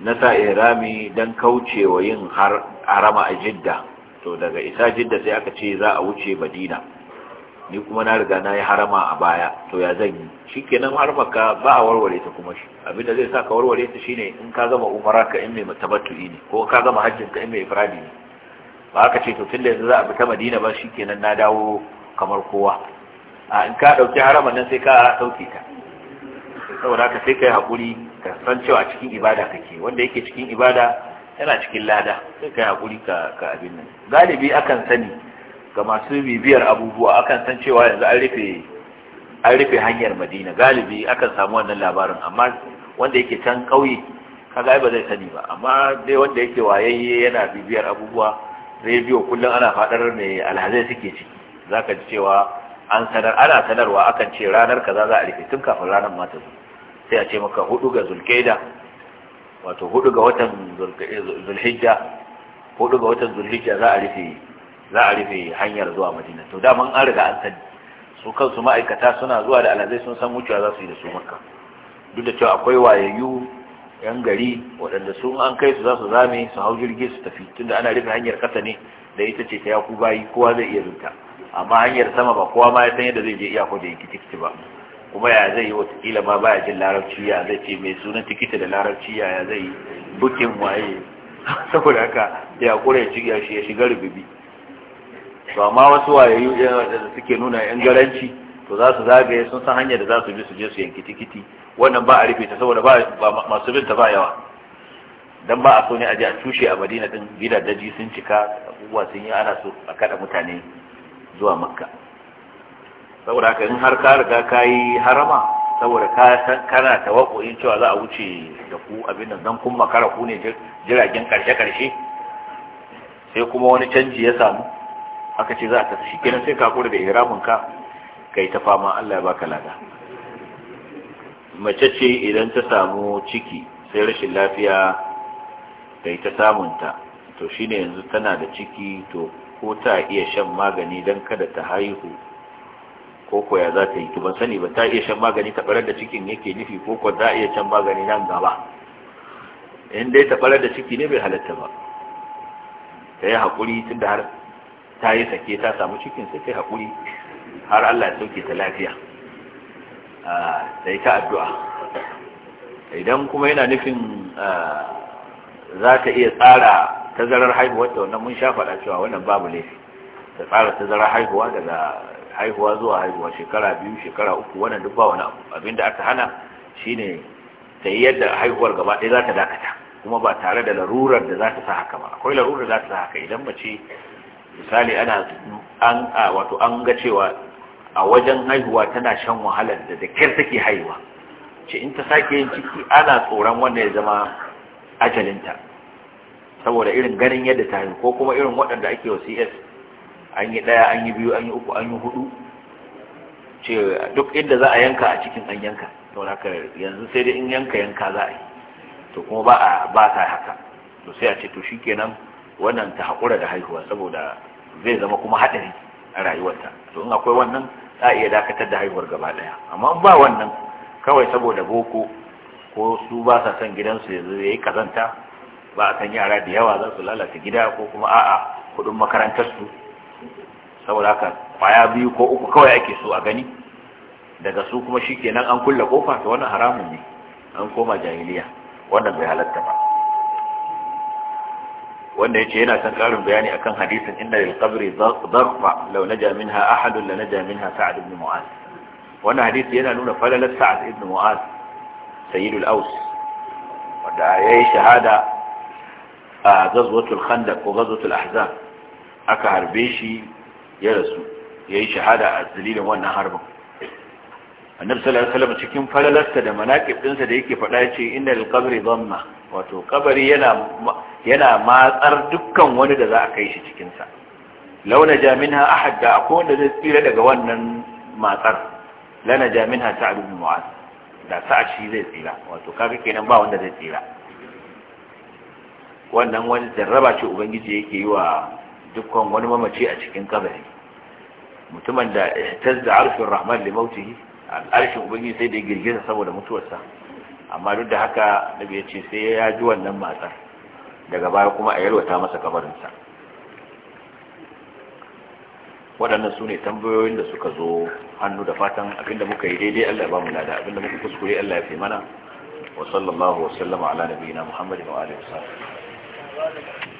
na sa irami dan kaucewa yin harama a jidda to daga isa jidda sai aka ce za a wuce madina ni kuma na riga na yi harama a baya to ya zan yi shi kenan harmaka ba a warware ta kuma shi abinda zai sa ka warware ta shine in ka gama umara ka in mai matabattu'i ne ko ka gama hajjin ka in mai ifradi ne ba haka ce to tun da yanzu za a bi madina ba shi kenan na dawo kamar kowa a in ka ɗauki haraman nan sai ka sauke ta saboda haka sai ka yi haƙuri ka san cewa a cikin ibada kake wanda yake cikin ibada yana cikin lada sai ka yi haƙuri ka abin nan galibi akan sani ga masu bibiyar abubuwa akan san cewa yanzu an rufe an rufe hanyar madina galibi akan samu wannan labarin amma wanda yake can ƙauye kaga ba zai sani ba amma dai wanda yake wayayye yana bibiyar abubuwa rediyo kullum ana faɗar mai alhazai suke ciki zaka ji cewa an sanar ana sanarwa akan ce ranar kaza za a rufe tun kafin ranar ta zo sai a ce maka hudu ga zulkaida wato hudu ga watan zulhijja hudu ga watan zulhijja za a rufe za a rufe hanyar zuwa madina to daman an riga an sani su kansu ma'aikata suna zuwa da alazai sun san wucewa za su yi da su makka duk da cewa akwai wayayyu yan gari waɗanda sun an kai su za su zame su hau jirgi su tafi tunda ana rufe hanyar kasa ne da ita ce ta ya ku bayi kowa zai iya zunta amma hanyar sama ba kowa ma ya san yadda zai je iyako da yanki tikiti ba kuma ya zai yi watakila ma baya jin larabci ya zai ce mai sunan tikiti da larabci ya zai bukin waye saboda haka ya kura ya shiga rububi to amma wasu wayayyu da suke nuna yan garanci to za su zagaye sun san hanyar da za su bi su je su yanki tikiti wannan ba a rufe ta saboda ba masu bin ta ba yawa dan ba a so ne a je a tushe a Madina din gidajeji sun cika abubuwa sun yi ana so a kada mutane zuwa Makka saboda haka in har ka riga ka yi harama saboda ka kana tawakkuin cewa za a wuce da ku abin nan dan kun makara ku ne jiragen karshe karshe sai kuma wani canji ya samu aka ce za a tafi kenan sai ka kura da ihramin ka kai ta fama Allah ya baka lada mace ce idan ta samu ciki sai rashin lafiya ta yi ta samunta to shine yanzu tana da ciki to ko ta iya shan magani don kada ta haihu ko koya za ta yi to ban sani ba ta iya shan magani ta barar da cikin yake nufi ko ko za iya shan magani nan gaba in dai ta barar da ciki ne bai halatta ba ta yi haƙuri tun da har ta yi sake ta samu cikin sai kai haƙuri har Allah ya sauke ta lafiya da ita addu'a idan kuma yana nufin za ta iya tsara tazarar haihuwar ta wannan mun shafa da cewa wannan babu laifi ta tsara tazarar haihuwa daga haihuwa zuwa haihuwa shekara biyu shekara uku wannan duk ba wani abin da aka hana shine ta yi yadda haihuwar gaba ɗaya za ta dakata kuma ba tare da larurar da za ta sa haka ba akwai larurar da za ta sa haka idan mace misali ana an wato an ga cewa a wajen haihuwa tana shan wahalar da da kyar take haihuwa ce in ta sake yin ciki ana tsoron wannan ya zama ajalinta saboda irin ganin yadda ta haihu ko kuma irin waɗanda ake wa cs an yi ɗaya an yi biyu an yi uku an yi hudu ce duk inda za a yanka a cikin an yanka don haka yanzu sai dai in yanka yanka za a yi to kuma ba a ba ta haka to sai a ce to shikenan wannan ta hakura da haihuwa saboda zai zama kuma haɗari a rayuwarta to in akwai wannan za a iya dakatar da haihuwar gaba ɗaya amma ba wannan kawai saboda boko ko su ba sa son gidansu ya yi kazanta ba a san yara da yawa za su lalata gida ko kuma a'a kuɗin makarantarsu saboda haka kwaya biyu ko uku kawai ake so a gani daga su kuma shi shikenan an kulle kofa to wannan haramun ne an koma jahiliya wannan bai halatta ba wanda yace yana san karin bayani akan hadisin inna lil qabri dharfa law naja minha ahad la naja minha sa'd ibn mu'az wannan hadisi yana nuna falalar sa'd ibn mu'az sayyidul aus wanda yayi shahada a ghazwatul khandaq ko ghazwatul ahzab aka harbe shi ya rasu yayi shahada a dalilin wannan harbin annabi sallallahu alaihi wasallam cikin falalarsa da manaqib dinsa da yake faɗa yace inna lil qabri dhamma wato kabari yana yana matsar dukkan wani da za a kai shi cikinsa launa jaminha ahad da akwai wanda zai tsira daga wannan matsar lana jaminha ta ibn mu'az da a shi zai tsira wato kaga kenan ba wanda zai tsira wannan wani jarraba ce ubangiji yake yi wa dukkan wani mamaci a cikin kabari mutumin da da arshin rahman li mautihi ubangiji sai da girgiza saboda mutuwarsa amma duk da haka nabi ya ce sai ya ji wannan matsar daga baya kuma a yalwata masa kabarinsa waɗannan su ne tambayoyin da suka zo hannu da fatan abinda muka yi daidai Allah ba mu lada abinda muka kuskure Allah ya fi mana wa sallallahu wa sallama ala nabiyina Muhammadin wa alihi wasallam